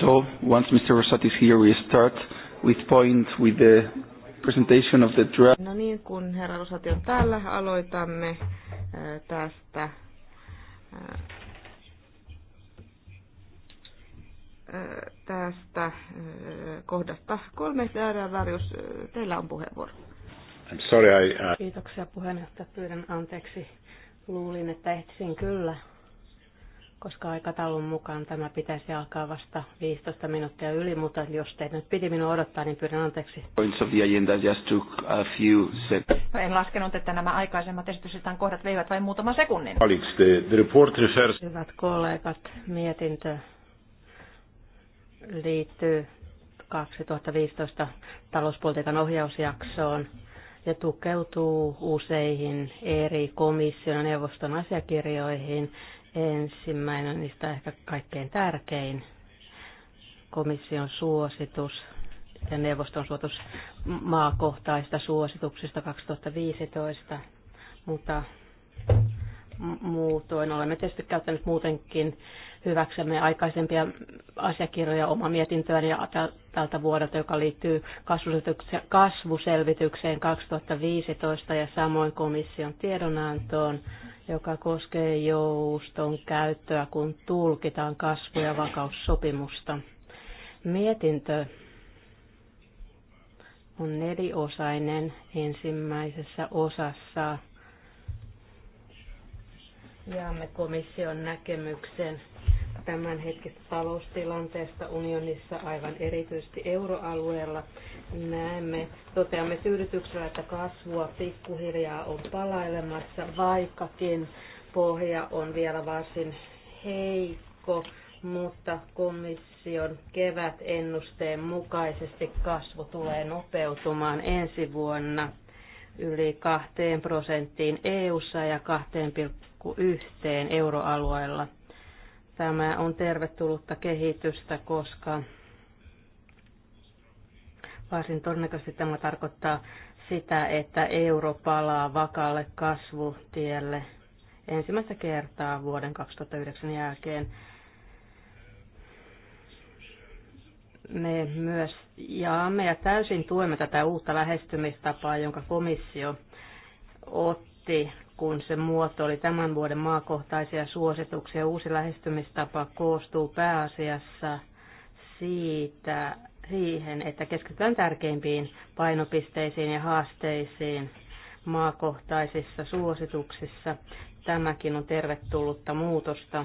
So once Mr. Rosati is here, we start with point with the presentation of the draft. No niin, kun herra Rosati on täällä, aloitamme äh, tästä äh, tästä äh, kohdasta kolme. Darius, teillä on puheenvuoro. I'm sorry, I, uh... Kiitoksia puheenjohtaja. Pyydän anteeksi. Luulin, että ehtisin kyllä koska aikataulun mukaan tämä pitäisi alkaa vasta 15 minuuttia yli, mutta jos teitä nyt piti minua odottaa, niin pyydän anteeksi. Points of the agenda just took a few No en laskenut, että nämä aikaisemmat esityslistan kohdat veivät vain muutaman sekunnin. Alex, the, the report refers... Hyvät kollegat, mietintö liittyy 2015 talouspolitiikan ohjausjaksoon ja tukeutuu useihin eri komission ja neuvoston asiakirjoihin, Ensimmäinen niistä ehkä kaikkein tärkein komission suositus ja neuvoston suositus maakohtaista suosituksista 2015, mutta muutoin olemme tietysti käyttäneet muutenkin hyväksemme aikaisempia asiakirjoja oma mietintöön ja tältä vuodelta, joka liittyy kasvuselvitykseen 2015 ja samoin komission tiedonantoon, joka koskee jouston käyttöä, kun tulkitaan kasvu- ja vakaussopimusta. Mietintö on neliosainen ensimmäisessä osassa. Jaamme komission näkemyksen tämänhetkisestä taloustilanteesta unionissa, aivan erityisesti euroalueella, näemme, toteamme tyydytyksellä, että kasvua pikkuhiljaa on palailemassa, vaikkakin pohja on vielä varsin heikko, mutta komission kevätennusteen mukaisesti kasvu tulee nopeutumaan ensi vuonna yli 2 prosenttiin EU-ssa ja 2,1 euroalueella – Tämä on tervetullutta kehitystä, koska varsin todennäköisesti tämä tarkoittaa sitä, että euro palaa vakaalle kasvutielle ensimmäistä kertaa vuoden 2009 jälkeen. Me myös jaamme ja täysin tuemme tätä uutta lähestymistapaa, jonka komissio otti kun se muoto oli tämän vuoden maakohtaisia suosituksia. Uusi lähestymistapa koostuu pääasiassa siitä, siihen, että keskitytään tärkeimpiin painopisteisiin ja haasteisiin maakohtaisissa suosituksissa. Tämäkin on tervetullutta muutosta,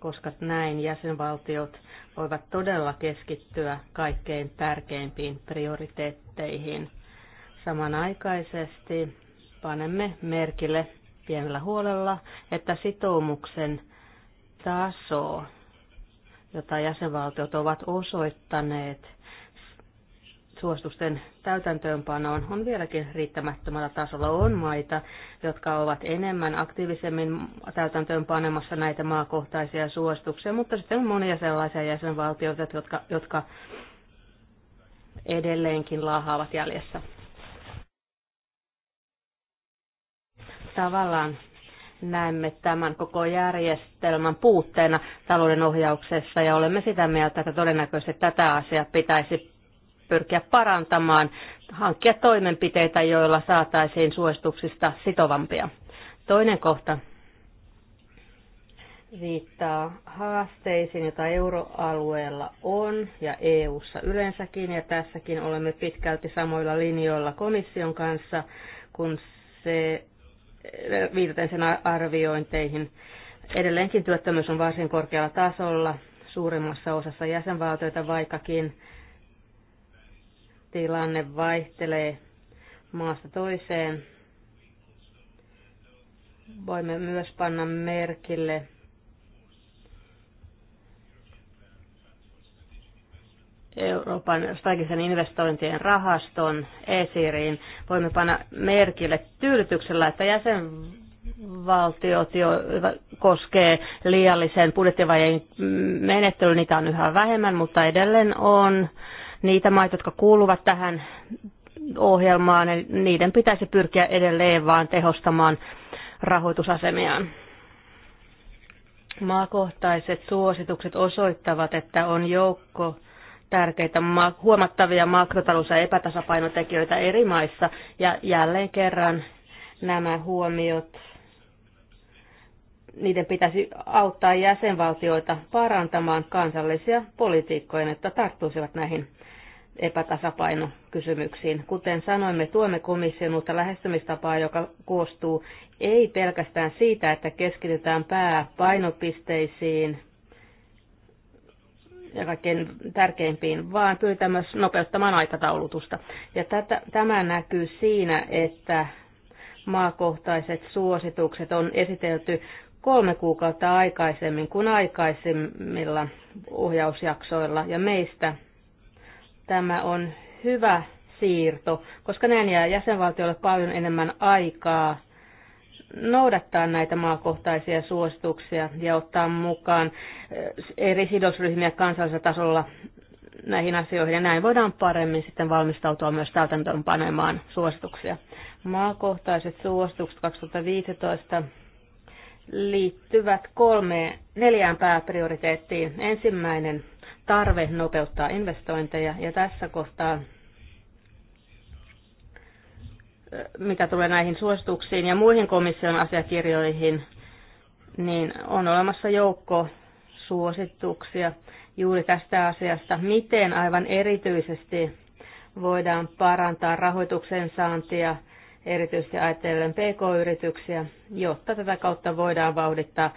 koska näin jäsenvaltiot voivat todella keskittyä kaikkein tärkeimpiin prioriteetteihin. Samanaikaisesti panemme merkille pienellä huolella, että sitoumuksen taso, jota jäsenvaltiot ovat osoittaneet suositusten täytäntöönpanoon, on vieläkin riittämättömällä tasolla. On maita, jotka ovat enemmän aktiivisemmin täytäntöönpanemassa näitä maakohtaisia suosituksia, mutta sitten on monia sellaisia jäsenvaltioita, jotka, jotka edelleenkin laahaavat jäljessä. tavallaan näemme tämän koko järjestelmän puutteena talouden ohjauksessa ja olemme sitä mieltä, että todennäköisesti tätä asiaa pitäisi pyrkiä parantamaan, hankkia toimenpiteitä, joilla saataisiin suosituksista sitovampia. Toinen kohta viittaa haasteisiin, joita euroalueella on ja EU:ssa yleensäkin, ja tässäkin olemme pitkälti samoilla linjoilla komission kanssa, kun se viitaten sen arviointeihin. Edelleenkin työttömyys on varsin korkealla tasolla suurimmassa osassa jäsenvaltioita, vaikkakin tilanne vaihtelee maasta toiseen. Voimme myös panna merkille Euroopan strategisen investointien rahaston esiriin. Voimme panna merkille tyydytyksellä, että jäsenvaltiot jo koskee liiallisen budjettivajeen menettelyyn, niitä on yhä vähemmän, mutta edelleen on niitä maita, jotka kuuluvat tähän ohjelmaan, eli niiden pitäisi pyrkiä edelleen vaan tehostamaan rahoitusasemiaan. Maakohtaiset suositukset osoittavat, että on joukko tärkeitä huomattavia makrotalous- ja epätasapainotekijöitä eri maissa. Ja jälleen kerran nämä huomiot, niiden pitäisi auttaa jäsenvaltioita parantamaan kansallisia politiikkoja, että tarttuisivat näihin epätasapainokysymyksiin. Kuten sanoimme, tuemme komission uutta lähestymistapaa, joka koostuu ei pelkästään siitä, että keskitytään pääpainopisteisiin – ja kaikkein tärkeimpiin, vaan pyritään myös nopeuttamaan aikataulutusta. Ja tätä, tämä näkyy siinä, että maakohtaiset suositukset on esitelty kolme kuukautta aikaisemmin kuin aikaisemmilla ohjausjaksoilla, ja meistä tämä on hyvä siirto, koska näin jää jäsenvaltiolle paljon enemmän aikaa noudattaa näitä maakohtaisia suosituksia ja ottaa mukaan eh, eri sidosryhmiä kansallisella tasolla näihin asioihin ja näin voidaan paremmin sitten valmistautua myös täytäntöönpanemaan suosituksia. Maakohtaiset suositukset 2015 liittyvät kolme, neljään pääprioriteettiin. Ensimmäinen tarve nopeuttaa investointeja ja tässä kohtaa mitä tulee näihin suosituksiin ja muihin komission asiakirjoihin, niin on olemassa joukko suosituksia juuri tästä asiasta, miten aivan erityisesti voidaan parantaa rahoituksen saantia erityisesti ajatellen pk-yrityksiä, jotta tätä kautta voidaan vauhdittaa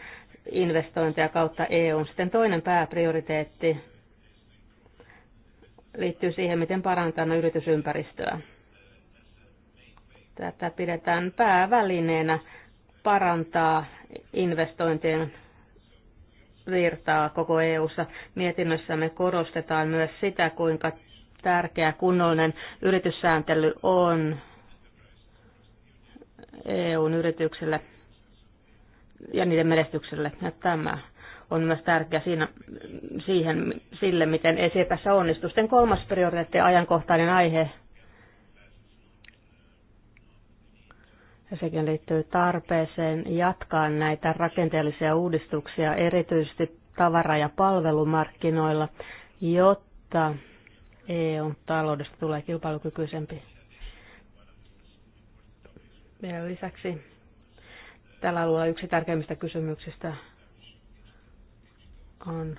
investointeja kautta EUn. Sitten toinen pääprioriteetti liittyy siihen, miten parantaa yritysympäristöä. Tätä pidetään päävälineenä parantaa investointien virtaa koko EU:ssa. Mietinnössämme korostetaan myös sitä, kuinka tärkeä kunnollinen yrityssääntely on EUn yrityksille ja niiden menestykselle. Ja tämä on myös tärkeä siinä, siihen, sille, miten ESI tässä onnistusten kolmas prioriteetti, ajankohtainen aihe, ja sekin liittyy tarpeeseen jatkaa näitä rakenteellisia uudistuksia erityisesti tavara- ja palvelumarkkinoilla, jotta eu taloudesta tulee kilpailukykyisempi. Vielä lisäksi tällä alueella yksi tärkeimmistä kysymyksistä on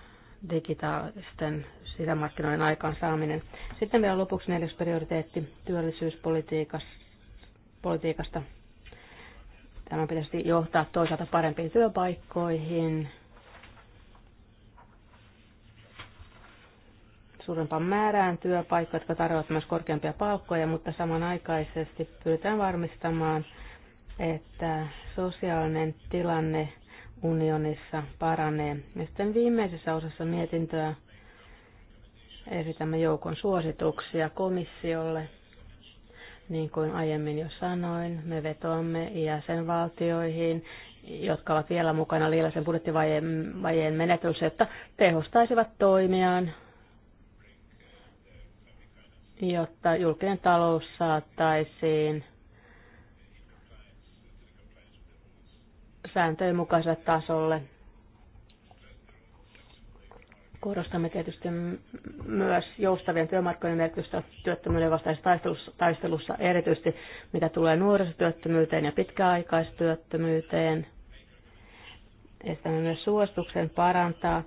digitaalisten sisämarkkinoiden aikaansaaminen. Sitten vielä lopuksi neljäs prioriteetti työllisyyspolitiikasta. Tämä pitäisi johtaa toisaalta parempiin työpaikkoihin, suurempaan määrään työpaikkoja, jotka tarjoavat myös korkeampia palkkoja, mutta samanaikaisesti pyritään varmistamaan, että sosiaalinen tilanne unionissa paranee. Ja sitten viimeisessä osassa mietintöä esitämme joukon suosituksia komissiolle – niin kuin aiemmin jo sanoin, me vetoamme jäsenvaltioihin, jotka ovat vielä mukana liilaisen budjettivajeen menetys, että tehostaisivat toimiaan, jotta julkinen talous saattaisiin sääntöjen mukaiselle tasolle – Korostamme tietysti myös joustavien työmarkkinoiden merkitystä työttömyyden vastaisessa taistelussa, taistelussa, erityisesti mitä tulee nuorisotyöttömyyteen ja pitkäaikaistyöttömyyteen. Estämme myös suosituksen parantaa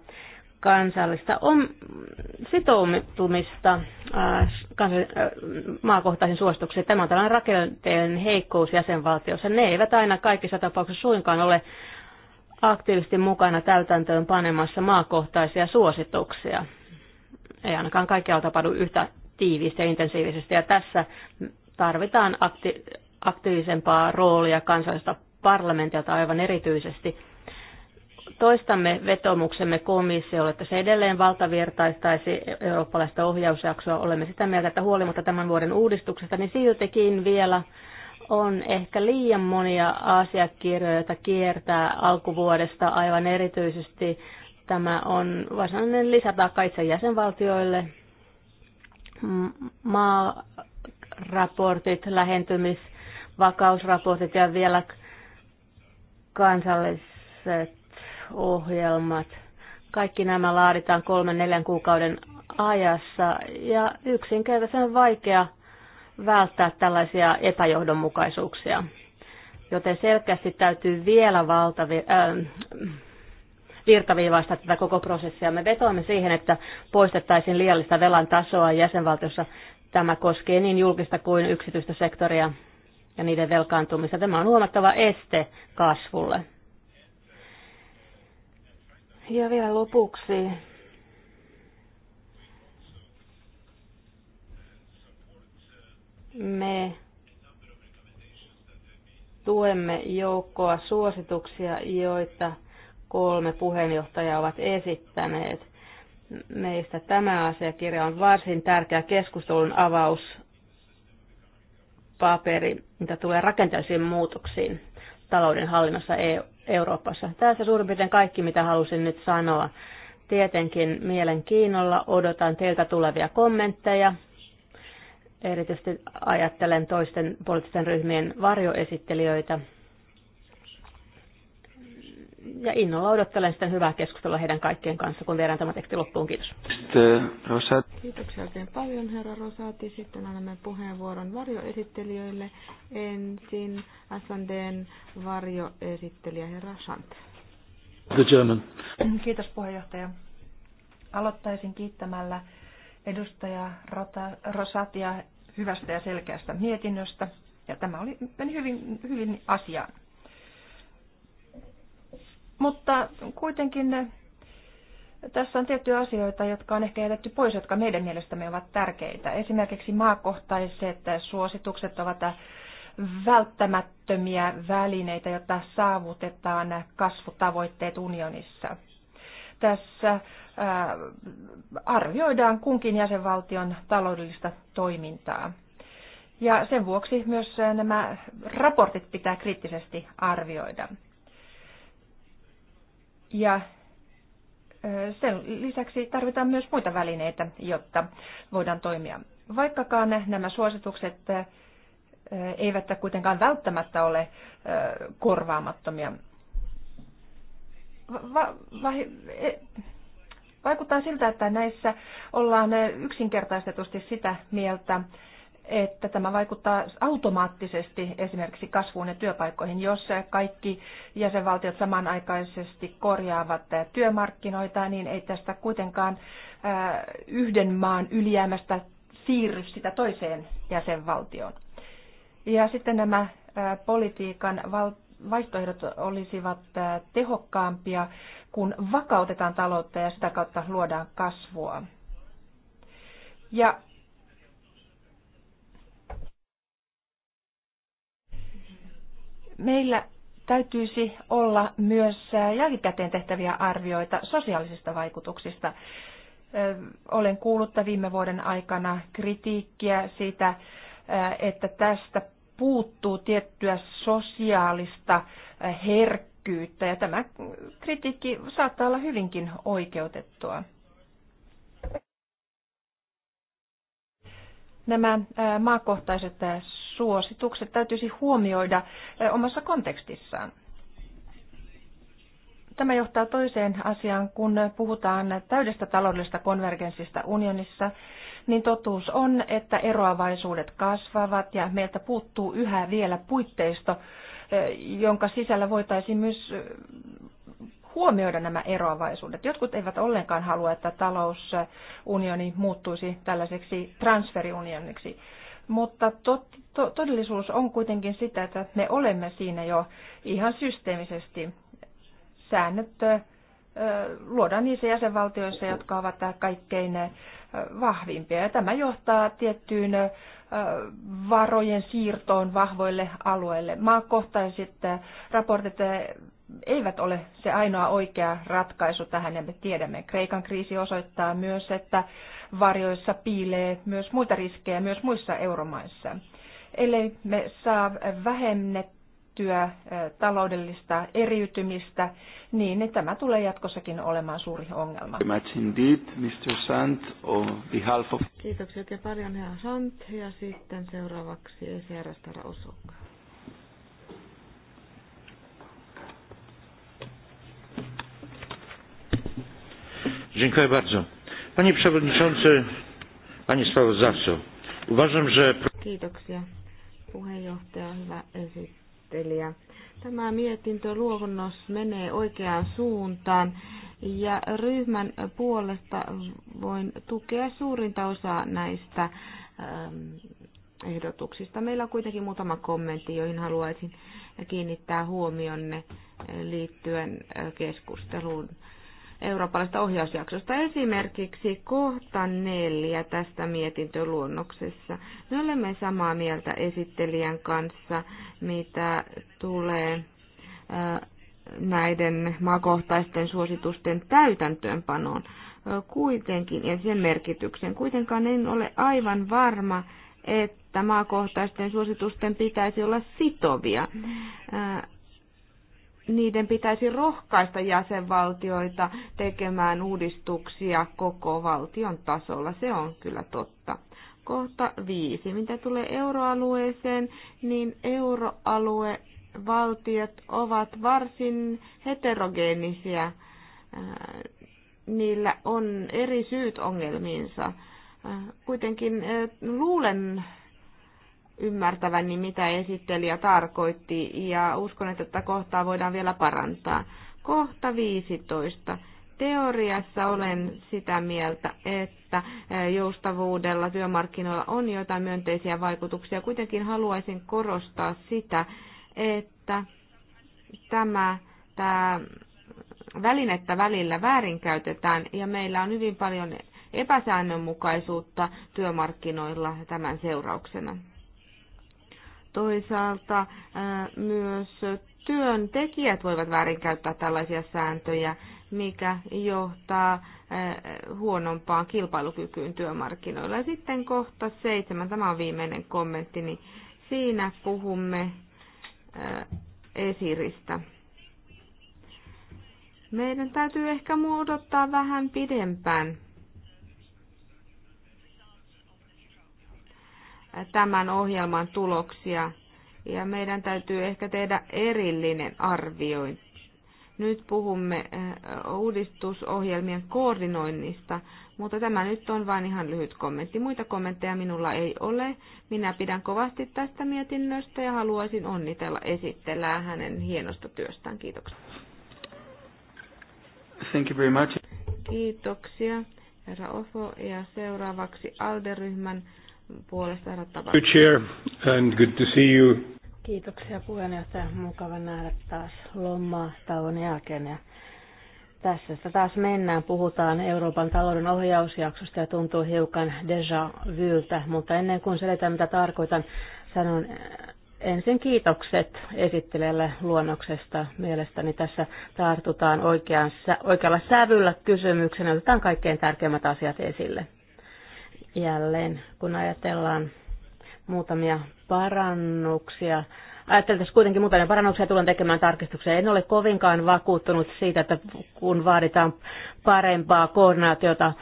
kansallista on sitoutumista maakohtaisiin suosituksiin. Tämä on tällainen rakenteen heikkous jäsenvaltiossa. Ne eivät aina kaikissa tapauksissa suinkaan ole aktiivisesti mukana täytäntöön panemassa maakohtaisia suosituksia. Ei ainakaan kaikkialla tapahdu yhtä tiiviisti ja intensiivisesti, ja tässä tarvitaan akti- aktiivisempaa roolia kansallista parlamentilta aivan erityisesti. Toistamme vetomuksemme komissiolle, että se edelleen valtavirtaistaisi eurooppalaista ohjausjaksoa. Olemme sitä mieltä, että huolimatta tämän vuoden uudistuksesta, niin siltikin vielä on ehkä liian monia asiakirjoja, joita kiertää alkuvuodesta aivan erityisesti. Tämä on varsinainen lisätaakka itse jäsenvaltioille. Maaraportit, lähentymisvakausraportit ja vielä kansalliset ohjelmat. Kaikki nämä laaditaan kolmen neljän kuukauden ajassa ja yksinkertaisen vaikea välttää tällaisia epäjohdonmukaisuuksia. Joten selkeästi täytyy vielä valtavi, äh, virtaviivaista tätä koko prosessia. Me vetoamme siihen, että poistettaisiin liiallista velan tasoa jäsenvaltiossa. Tämä koskee niin julkista kuin yksityistä sektoria ja niiden velkaantumista. Tämä on huomattava este kasvulle. Ja vielä lopuksi Me tuemme joukkoa suosituksia, joita kolme puheenjohtajaa ovat esittäneet. Meistä tämä asiakirja on varsin tärkeä keskustelun avauspaperi, mitä tulee rakenteellisiin muutoksiin talouden hallinnassa e- Euroopassa. Tässä suurin piirtein kaikki, mitä halusin nyt sanoa. Tietenkin mielenkiinnolla odotan teiltä tulevia kommentteja Erityisesti ajattelen toisten poliittisten ryhmien varjoesittelijöitä. Ja innolla odottelen sitten hyvää keskustelua heidän kaikkien kanssa, kun viedään tämä teksti loppuun. Kiitos. Kiitoksia oikein paljon, herra Rosati. Sitten annamme puheenvuoron varjoesittelijöille. Ensin SNDn varjoesittelijä, herra Schant. The German. Kiitos puheenjohtaja. Aloittaisin kiittämällä edustaja Rota, Rosatia hyvästä ja selkeästä mietinnöstä. Ja tämä oli, meni hyvin, hyvin asiaan. Mutta kuitenkin eh, tässä on tiettyjä asioita, jotka on ehkä jätetty pois, jotka meidän mielestämme ovat tärkeitä. Esimerkiksi maakohtaiset suositukset ovat välttämättömiä välineitä, jotta saavutetaan kasvutavoitteet unionissa – tässä arvioidaan kunkin jäsenvaltion taloudellista toimintaa. Ja sen vuoksi myös nämä raportit pitää kriittisesti arvioida. Ja sen lisäksi tarvitaan myös muita välineitä, jotta voidaan toimia. Vaikkakaan nämä suositukset eivät kuitenkaan välttämättä ole korvaamattomia, va, va, e- vaikuttaa siltä, että näissä ollaan yksinkertaistetusti sitä mieltä, että tämä vaikuttaa automaattisesti esimerkiksi kasvuun ja työpaikkoihin, jos kaikki jäsenvaltiot samanaikaisesti korjaavat työmarkkinoita, niin ei tästä kuitenkaan yhden maan ylijäämästä siirry sitä toiseen jäsenvaltioon. Ja sitten nämä politiikan valtiot vaihtoehdot olisivat tehokkaampia, kun vakautetaan taloutta ja sitä kautta luodaan kasvua. Ja meillä täytyisi olla myös jälkikäteen tehtäviä arvioita sosiaalisista vaikutuksista. Olen kuullut viime vuoden aikana kritiikkiä siitä, että tästä puuttuu tiettyä sosiaalista äh, herkkyyttä ja tämä kritiikki saattaa olla hyvinkin oikeutettua. Nämä äh, maakohtaiset äh, suositukset täytyisi huomioida omassa kontekstissaan. Tämä johtaa toiseen asiaan, kun puhutaan täydestä taloudellisesta konvergenssista unionissa niin totuus on, että eroavaisuudet kasvavat ja meiltä puuttuu yhä vielä puitteisto, eh, jonka sisällä voitaisiin myös eh, huomioida nämä eroavaisuudet. Jotkut eivät ollenkaan halua, että talousunioni muuttuisi tällaiseksi transferiunioniksi. Mutta to- to, todellisuus on kuitenkin sitä, että me olemme siinä jo ihan systeemisesti. Säännöt ö, eh, luodaan niissä jäsenvaltioissa, jotka ovat kaikkein vahvimpia. Ja tämä johtaa tiettyyn varojen siirtoon vahvoille alueille. Maakohtaiset raportit eivät ole se ainoa oikea ratkaisu tähän, ja me tiedämme. Kreikan kriisi osoittaa myös, että varjoissa piilee myös muita riskejä myös muissa euromaissa. eli me saa vähennettyä kehittyä, taloudellista eriytymistä, niin tämä tulee jatkossakin olemaan suuri ongelma. Indeed, Mr. Sant, on behalf of... Kiitoksia, ja paljon herra Sant ja sitten seuraavaksi ECR-stä Dziękuję bardzo. Panie Przewodniczący, Panie Sprawozdawco, uważam, że... Kiitoksia puheenjohtaja, hyvä esitys esittelijä. Tämä mietintöluonnos menee oikeaan suuntaan ja ryhmän puolesta voin tukea suurinta osaa näistä ähm, ehdotuksista. Meillä on kuitenkin muutama kommentti, joihin haluaisin kiinnittää huomionne liittyen äh, keskusteluun eurooppalaisesta ohjausjaksosta. Esimerkiksi kohta neljä tästä mietintöluonnoksessa. Me olemme samaa mieltä esittelijän kanssa, mitä tulee äh, näiden maakohtaisten suositusten täytäntöönpanoon äh, kuitenkin ja sen merkityksen. Kuitenkaan en ole aivan varma, että maakohtaisten suositusten pitäisi olla sitovia. Äh, niiden pitäisi rohkaista jäsenvaltioita tekemään uudistuksia koko valtion tasolla. Se on kyllä totta. Kohta viisi. Mitä tulee euroalueeseen, niin euroalue valtiot ovat varsin heterogeenisiä. Äh, niillä on eri syyt ongelmiinsa. Äh, kuitenkin äh, luulen ymmärtäväni, niin mitä esittelijä tarkoitti, ja uskon, että tätä kohtaa voidaan vielä parantaa. Kohta 15. Teoriassa olen sitä mieltä, että e, joustavuudella työmarkkinoilla on joitain myönteisiä vaikutuksia. Kuitenkin haluaisin korostaa sitä, että tämä, tämä välinettä välillä väärinkäytetään ja meillä on hyvin paljon epäsäännönmukaisuutta työmarkkinoilla tämän seurauksena. Toisaalta myös työntekijät voivat väärinkäyttää tällaisia sääntöjä, mikä johtaa huonompaan kilpailukykyyn työmarkkinoilla. Ja sitten kohta seitsemän, tämä on viimeinen kommentti, niin siinä puhumme esiristä. Meidän täytyy ehkä muodottaa vähän pidempään tämän ohjelman tuloksia ja meidän täytyy ehkä tehdä erillinen arviointi. Nyt puhumme eh, uudistusohjelmien koordinoinnista, mutta tämä nyt on vain ihan lyhyt kommentti. Muita kommentteja minulla ei ole. Minä pidän kovasti tästä mietinnöstä ja haluaisin onnitella esittelää hänen hienosta työstään. Kiitoksia. Thank you very much. Kiitoksia, herra Ofo. Ja seuraavaksi Alderyhmän puolesta herra Good chair and good to see you. Kiitoksia puheenjohtaja. Mukava nähdä taas lomaa tauon jälkeen. Ja tässä sitä taas mennään. Puhutaan Euroopan talouden ohjausjaksosta ja tuntuu hiukan deja vyltä, mutta ennen kuin selitän mitä tarkoitan, sanon eh, ensin kiitokset esittelijälle luonnoksesta. Mielestäni tässä tartutaan oikealla sävyllä kysymyksenä, otetaan kaikkein tärkeimmät asiat esille jälleen, kun ajatellaan muutamia parannuksia. Ajattelin kuitenkin muutamia parannuksia tulen tekemään tarkistuksia. En ole kovinkaan vakuuttunut siitä, että kun vaaditaan parempaa koordinaatiota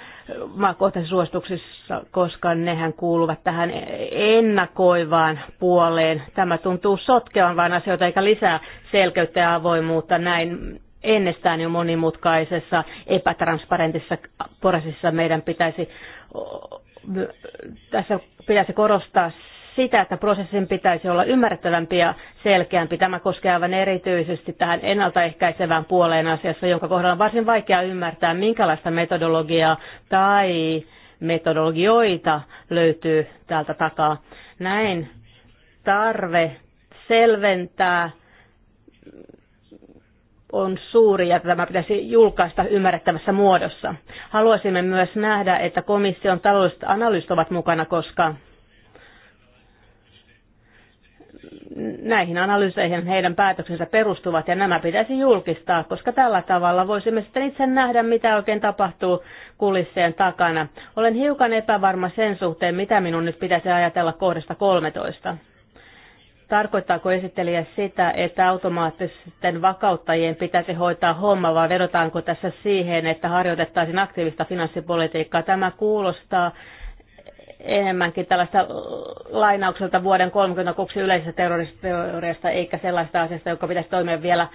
maakohtaisissa suosituksissa, koska nehän kuuluvat tähän ennakoivaan puoleen. Tämä tuntuu sotkevan vain asioita eikä lisää selkeyttä ja avoimuutta. Näin ennestään jo monimutkaisessa, epätransparentissa prosessissa meidän pitäisi, tässä pitäisi korostaa sitä, että prosessin pitäisi olla ymmärrettävämpi ja selkeämpi. Tämä koskee aivan erityisesti tähän ennaltaehkäisevään puoleen asiassa, jonka kohdalla on varsin vaikea ymmärtää, minkälaista metodologiaa tai metodologioita löytyy täältä takaa. Näin tarve selventää on suuri ja tämä pitäisi julkaista ymmärrettävässä muodossa. Haluaisimme myös nähdä, että komission taloudelliset analyysit ovat mukana, koska näihin analyyseihin heidän päätöksensä perustuvat ja nämä pitäisi julkistaa, koska tällä tavalla voisimme sitten itse nähdä, mitä oikein tapahtuu kulissien takana. Olen hiukan epävarma sen suhteen, mitä minun nyt pitäisi ajatella kohdasta 13. Tarkoittaako esittelijä sitä, että automaattisten vakauttajien pitäisi hoitaa homma, vai vedotaanko tässä siihen, että harjoitettaisiin aktiivista finanssipolitiikkaa? Tämä kuulostaa enemmänkin tällaista lainaukselta vuoden 30 yleisestä terroristiteoriasta, eikä sellaista asiasta, joka pitäisi toimia vielä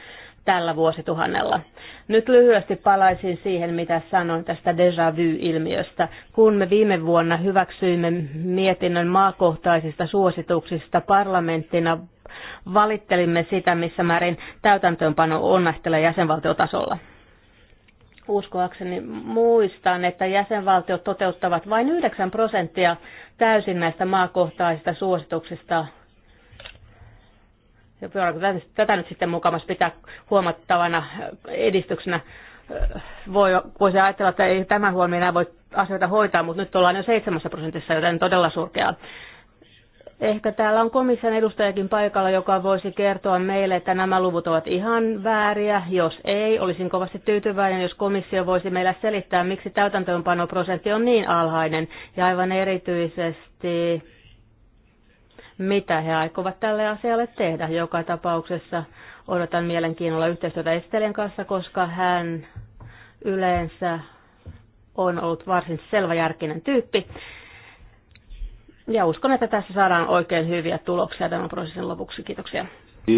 tällä vuosituhannella. Nyt lyhyesti palaisin siihen, mitä sanoin tästä déjà vu-ilmiöstä. Kun me viime vuonna hyväksyimme mietinnön maakohtaisista suosituksista parlamenttina, valittelimme sitä, missä määrin täytäntöönpano onnastelee jäsenvaltiotasolla. Uskoakseni muistan, että jäsenvaltiot toteuttavat vain 9 prosenttia täysin näistä maakohtaisista suosituksista tätä nyt sitten mukamassa pitää huomattavana äh, edistyksenä. Äh, voi, voisi ajatella, että ei tämän huomioon enää voi asioita hoitaa, mutta nyt ollaan jo 7 prosentissa, joten todella surkeaa. Ehkä täällä on komission edustajakin paikalla, joka voisi kertoa meille, että nämä luvut ovat ihan vääriä. Jos ei, olisin kovasti tyytyväinen, jos komissio voisi meille selittää, miksi täytäntöönpanoprosentti on niin alhainen ja aivan erityisesti mitä he aikovat tälle asialle tehdä. Joka tapauksessa odotan mielenkiinnolla yhteistyötä Estelen kanssa, koska hän yleensä on ollut varsin selväjärkinen tyyppi. Ja uskon, että tässä saadaan oikein hyviä tuloksia tämän prosessin lopuksi. Kiitoksia.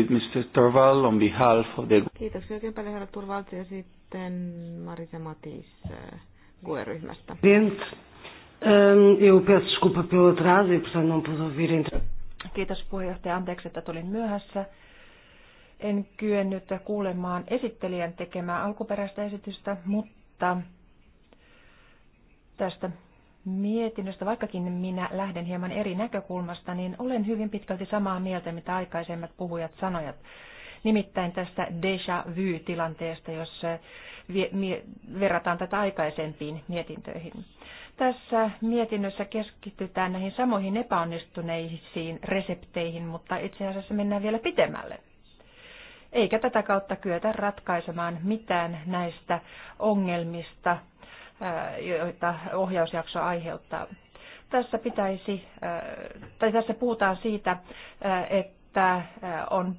Mr. Torval on behalf of the... Kiitoksia oikein paljon herra Turvalt ja sitten Marisa Matis eh, GUE-ryhmästä. Ehm, eu peço desculpa pelo atraso e, portanto, não pude ouvir entre... Kiitos puheenjohtaja. Anteeksi, että tulin myöhässä. En kyennyt kuulemaan esittelijän tekemää alkuperäistä esitystä, mutta tästä mietinnöstä, vaikkakin minä lähden hieman eri näkökulmasta, niin olen hyvin pitkälti samaa mieltä, mitä aikaisemmat puhujat sanoivat. Nimittäin tästä déjà vu-tilanteesta, jos verrataan tätä aikaisempiin mietintöihin. Tässä mietinnössä keskitytään näihin samoihin epäonnistuneisiin resepteihin, mutta itse asiassa mennään vielä pitemmälle. Eikä tätä kautta kyetä ratkaisemaan mitään näistä ongelmista, joita ohjausjakso aiheuttaa. Tässä, pitäisi, tai tässä puhutaan siitä, että on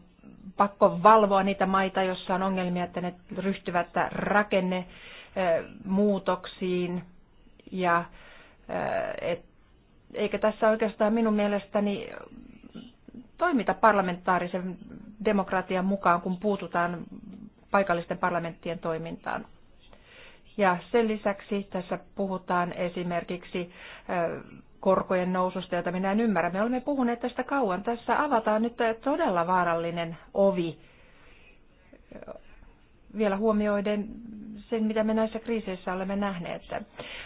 pakko valvoa niitä maita, joissa on ongelmia, että ne ryhtyvät rakennemuutoksiin, muutoksiin, ja äh, et, eikä tässä oikeastaan minun mielestäni toimita parlamentaarisen demokratian mukaan, kun puututaan paikallisten parlamenttien toimintaan. Ja sen lisäksi tässä puhutaan esimerkiksi äh, korkojen noususta, jota minä en ymmärrä. Me olemme puhuneet tästä kauan. Tässä avataan nyt äh, todella vaarallinen ovi vielä huomioiden sen, mitä me näissä kriiseissä olemme nähneet.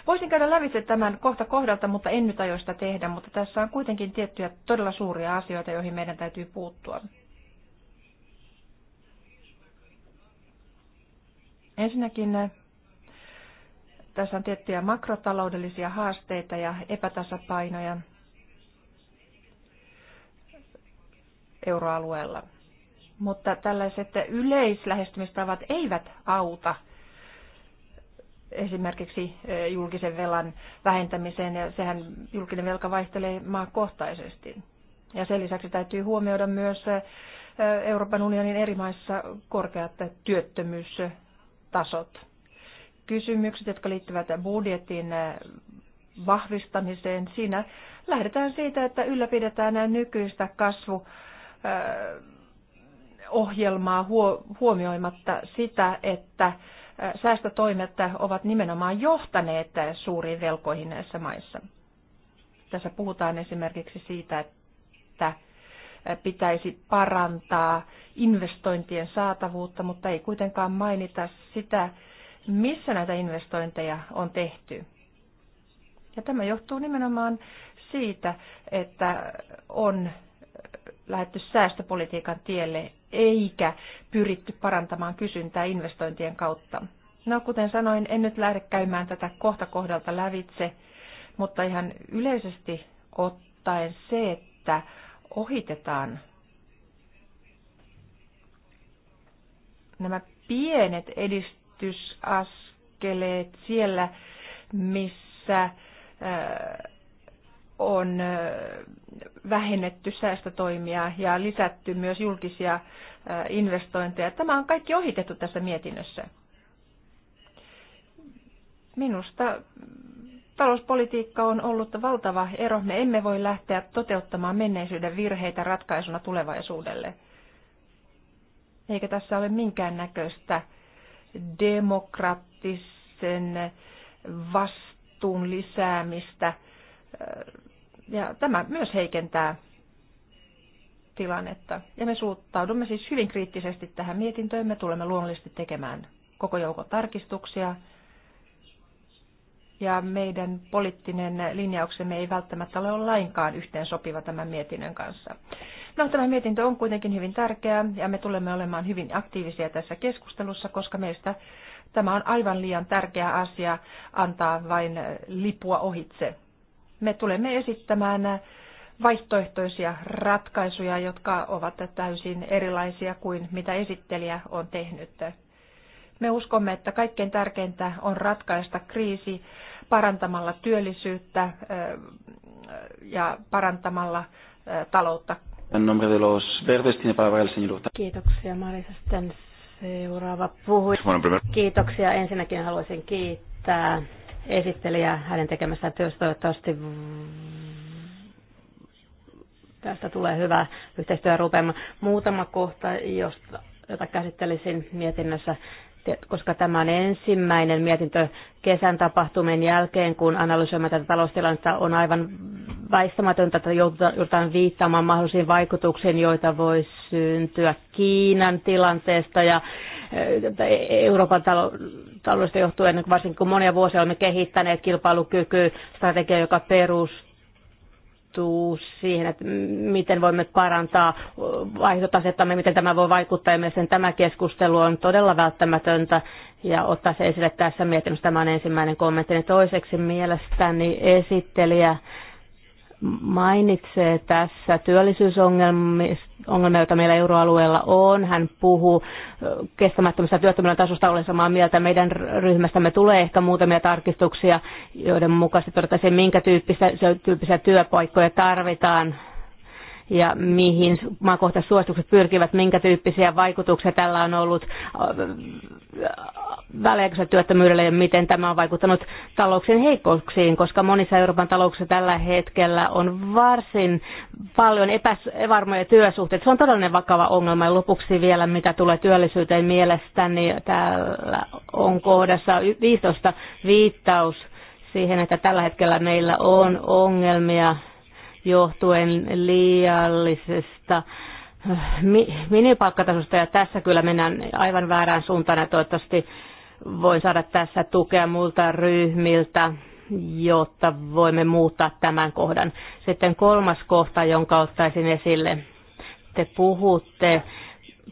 Voisin käydä lävitse tämän kohta kohdalta, mutta en nyt ajoista tehdä, mutta tässä on kuitenkin tiettyjä todella suuria asioita, joihin meidän täytyy puuttua. Ensinnäkin eh, tässä on tiettyjä makrotaloudellisia haasteita ja epätasapainoja euroalueella. Mutta tällaiset yleislähestymistavat eivät auta – esimerkiksi e, julkisen velan vähentämiseen, ja sehän julkinen velka vaihtelee maakohtaisesti. Ja sen lisäksi täytyy huomioida myös e, Euroopan unionin eri maissa korkeat työttömyystasot. Kysymykset, jotka liittyvät budjetin e, vahvistamiseen, siinä lähdetään siitä, että ylläpidetään nykyistä kasvu ohjelmaa huomioimatta sitä, että säästötoimet ovat nimenomaan johtaneet suuriin velkoihin näissä maissa. Tässä puhutaan esimerkiksi siitä, että pitäisi parantaa investointien saatavuutta, mutta ei kuitenkaan mainita sitä, missä näitä investointeja on tehty. Ja tämä johtuu nimenomaan siitä, että on lähetty säästöpolitiikan tielle eikä pyritty parantamaan kysyntää investointien kautta. No kuten sanoin, en nyt lähde käymään tätä kohta kohdalta lävitse, mutta ihan yleisesti ottaen se, että ohitetaan nämä pienet edistysaskeleet siellä, missä on vähennetty säästötoimia ja lisätty myös julkisia investointeja. Tämä on kaikki ohitettu tässä mietinnössä. Minusta talouspolitiikka on ollut valtava ero. Me emme voi lähteä toteuttamaan menneisyyden virheitä ratkaisuna tulevaisuudelle. Eikä tässä ole minkäännäköistä demokraattisen vastuun lisäämistä ja tämä myös heikentää tilannetta. Ja me suuttaudumme siis hyvin kriittisesti tähän mietintöön. Me tulemme luonnollisesti tekemään koko joukon tarkistuksia. Ja meidän poliittinen linjauksemme ei välttämättä ole lainkaan yhteen sopiva tämän mietinnön kanssa. No, tämä mietintö on kuitenkin hyvin tärkeä ja me tulemme olemaan hyvin aktiivisia tässä keskustelussa, koska meistä tämä on aivan liian tärkeä asia antaa vain lipua ohitse me tulemme esittämään vaihtoehtoisia ratkaisuja, jotka ovat täysin erilaisia kuin mitä esittelijä on tehnyt. Me uskomme, että kaikkein tärkeintä on ratkaista kriisi parantamalla työllisyyttä ja parantamalla taloutta. Kiitoksia Marisa. Sitten seuraava puhuja. Kiitoksia. Ensinnäkin haluaisin kiittää esittelijä hänen tekemässään työstä. Toivottavasti tästä tulee hyvä yhteistyörupema. Muutama kohta, josta, jota käsittelisin mietinnössä, koska tämä on ensimmäinen mietintö kesän tapahtumien jälkeen, kun analysoimme tätä taloustilannetta, on aivan väistämätöntä, että joudutaan viittaamaan mahdollisiin vaikutuksiin, joita voi syntyä Kiinan tilanteesta ja Euroopan taloudesta johtuen, varsinkin kun monia vuosia olemme kehittäneet kilpailukyky, strategia, joka perustuu siihen, että miten voimme parantaa vaihtotasettamme, miten tämä voi vaikuttaa. Ja mielestäni tämä keskustelu on todella välttämätöntä ja ottaa se esille tässä mietinnössä. Tämä on ensimmäinen kommentti. Toiseksi mielestäni esittelijä mainitsee tässä työllisyysongelmia, joita meillä euroalueella on. Hän puhuu kestämättömästä työttömyyden tasosta, olen samaa mieltä. Meidän ryhmästämme tulee ehkä muutamia tarkistuksia, joiden mukaisesti todettaisiin, minkä tyyppistä, tyyppisiä työpaikkoja tarvitaan ja mihin maakohtaiset suositukset pyrkivät, minkä tyyppisiä vaikutuksia tällä on ollut äh, väliaikaisella työttömyydellä ja miten tämä on vaikuttanut talouksien heikkouksiin, koska monissa Euroopan talouksissa tällä hetkellä on varsin paljon epävarmoja työsuhteita. Se on todellinen vakava ongelma ja lopuksi vielä mitä tulee työllisyyteen mielestäni, täällä on kohdassa 15 viittaus siihen, että tällä hetkellä meillä on ongelmia johtuen liiallisesta äh, minipalkkatasosta ja tässä kyllä mennään aivan väärään suuntaan ja toivottavasti voin saada tässä tukea muilta ryhmiltä, jotta voimme muuttaa tämän kohdan. Sitten kolmas kohta, jonka ottaisin esille. Te puhutte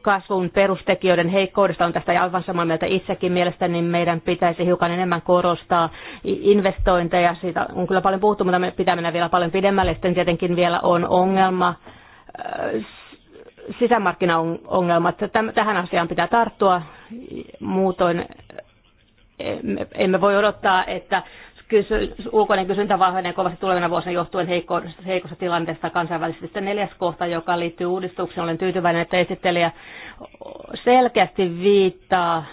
kasvun perustekijöiden heikkoudesta on tästä aivan samaa mieltä itsekin mielestäni, niin meidän pitäisi hiukan enemmän korostaa investointeja. Siitä on kyllä paljon puhuttu, mutta me pitää mennä vielä paljon pidemmälle. Sitten tietenkin vielä on ongelma äh, sisämarkkinaongelmat. Tähän asiaan pitää tarttua, muutoin eh, emme voi odottaa, että kysy, ulkoinen kysyntä vahvenee kovasti tulevina vuosina johtuen heikosta, heikosta tilanteesta kansainvälisesti. Sitten neljäs kohta, joka liittyy uudistukseen, olen tyytyväinen, että esittelijä selkeästi viittaa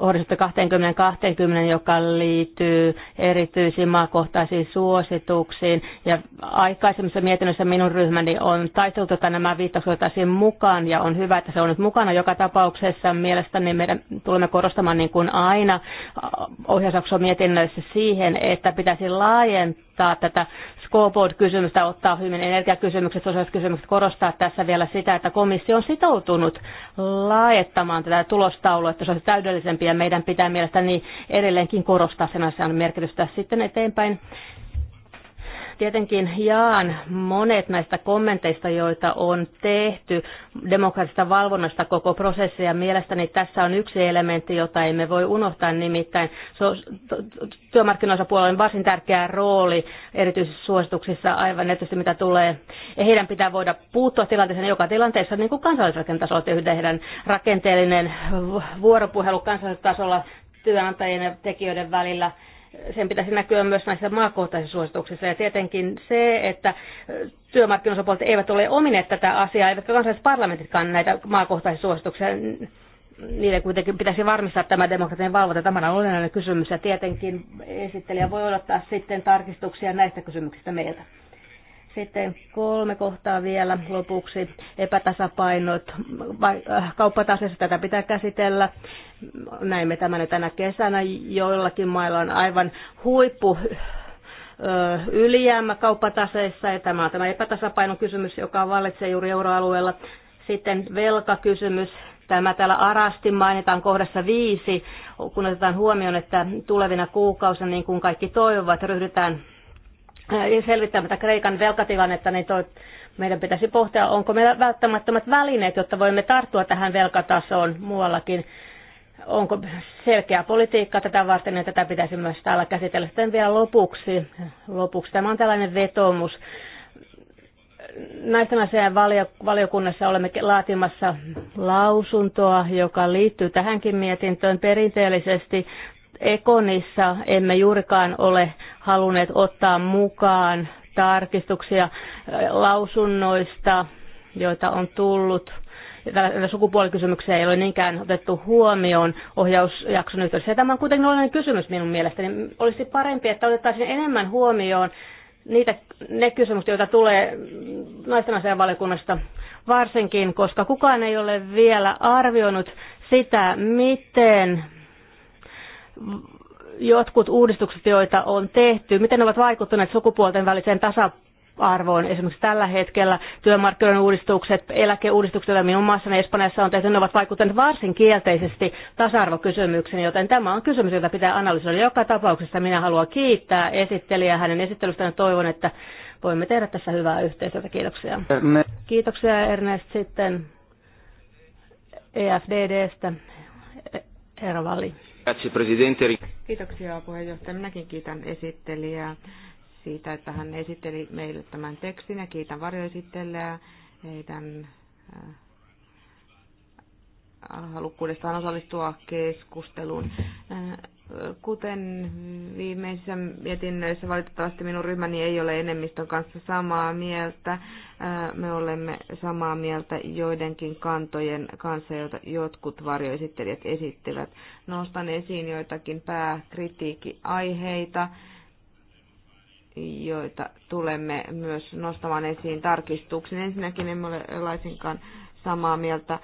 horisontti 2020, joka liittyy erityisiin maakohtaisiin suosituksiin. Ja aikaisemmissa mietinnöissä minun ryhmäni on taisteltu, että nämä viittaukset otettaisiin mukaan, ja on hyvä, että se on nyt mukana joka tapauksessa. Mielestäni meidän tulemme korostamaan niin kuin aina ohjausjakson mietinnöissä siihen, että pitäisi laajentaa korostaa tätä scoreboard-kysymystä, ottaa hyvin energiakysymykset, sosiaaliset kysymykset, korostaa tässä vielä sitä, että komissio on sitoutunut laajettamaan tätä tulostaulua, että se olisi täydellisempi ja meidän pitää mielestäni edelleenkin korostaa sen asian merkitystä sitten eteenpäin. Tietenkin jaan monet näistä kommenteista, joita on tehty demokraattisesta valvonnasta koko prosessia. Mielestäni tässä on yksi elementti, jota emme voi unohtaa, nimittäin puolella on varsin tärkeä rooli erityisissä suosituksissa, aivan erityisesti mitä tulee. Ja heidän pitää voida puuttua tilanteeseen joka tilanteessa, niin kuin kansallisella tasolla heidän rakenteellinen vuoropuhelu kansallisella tasolla työnantajien ja tekijöiden välillä – sen pitäisi näkyä myös näissä maakohtaisissa suosituksissa. Ja tietenkin se, että työmarkkinosapuolet eivät ole omineet tätä asiaa, eivätkä kansalliset parlamentitkaan näitä maakohtaisia suosituksia, niille kuitenkin pitäisi varmistaa tämä demokratian valvonta. Tämä on olennainen kysymys ja tietenkin esittelijä voi odottaa sitten tarkistuksia näistä kysymyksistä meiltä. Sitten kolme kohtaa vielä lopuksi. Epätasapainot. Äh, kauppataseessa tätä pitää käsitellä. Näimme tämän tänä kesänä. Joillakin mailla on aivan huippu äh, ylijäämä kauppataseissa ja tämä on tämä kysymys joka vallitsee juuri euroalueella. Sitten velkakysymys. Tämä täällä arasti mainitaan kohdassa viisi, kun otetaan huomioon, että tulevina kuukausina, niin kuin kaikki toivovat, ryhdytään selvittämättä Kreikan velkatilannetta, niin toi, meidän pitäisi pohtia, onko meillä välttämättömät välineet, jotta voimme tarttua tähän velkatasoon muuallakin. Onko selkeää politiikkaa tätä varten ja tätä pitäisi myös täällä käsitellä. Sitten vielä lopuksi, lopuksi. tämä on tällainen vetomus. Naisten asian valiokunnassa olemme laatimassa lausuntoa, joka liittyy tähänkin mietintöön. Perinteellisesti Ekonissa emme juurikaan ole halunneet ottaa mukaan tarkistuksia äh, lausunnoista, joita on tullut. Tällä sukupuolikysymyksiä ei ole niinkään otettu huomioon ohjausjakson yhteydessä. Ja tämä on kuitenkin olennainen kysymys minun mielestäni. Olisi parempi, että otettaisiin enemmän huomioon niitä, ne kysymykset, joita tulee naisten asian valiokunnasta varsinkin, koska kukaan ei ole vielä arvioinut sitä, miten jotkut uudistukset, joita on tehty, miten ne ovat vaikuttaneet sukupuolten väliseen tasa-arvoon. Esimerkiksi tällä hetkellä työmarkkinoiden uudistukset, eläkeuudistukset, joita minun maassani Espanjassa on tehty, ne ovat vaikuttaneet varsin kielteisesti tasa arvokysymyksiin joten tämä on kysymys, jota pitää analysoida. Joka tapauksessa minä haluan kiittää esittelijää hänen esittelystään ja toivon, että voimme tehdä tässä hyvää yhteistyötä. Kiitoksia. Kiitoksia Ernest sitten EFDDstä. Herra e- Valli. Kiitoksia puheenjohtaja. Minäkin kiitän esittelijää siitä, että hän esitteli meille tämän tekstin ja kiitän varjoesittelijää heidän äh, halukkuudestaan osallistua keskusteluun. Äh, Kuten viimeisissä mietinnöissä valitettavasti minun ryhmäni ei ole enemmistön kanssa samaa mieltä. Me olemme samaa mieltä joidenkin kantojen kanssa, joita jotkut varjoesittelijät esittivät. Nostan esiin joitakin pääkritiikkiaiheita joita tulemme myös nostamaan esiin tarkistuksiin. Ensinnäkin emme ole laisinkaan samaa mieltä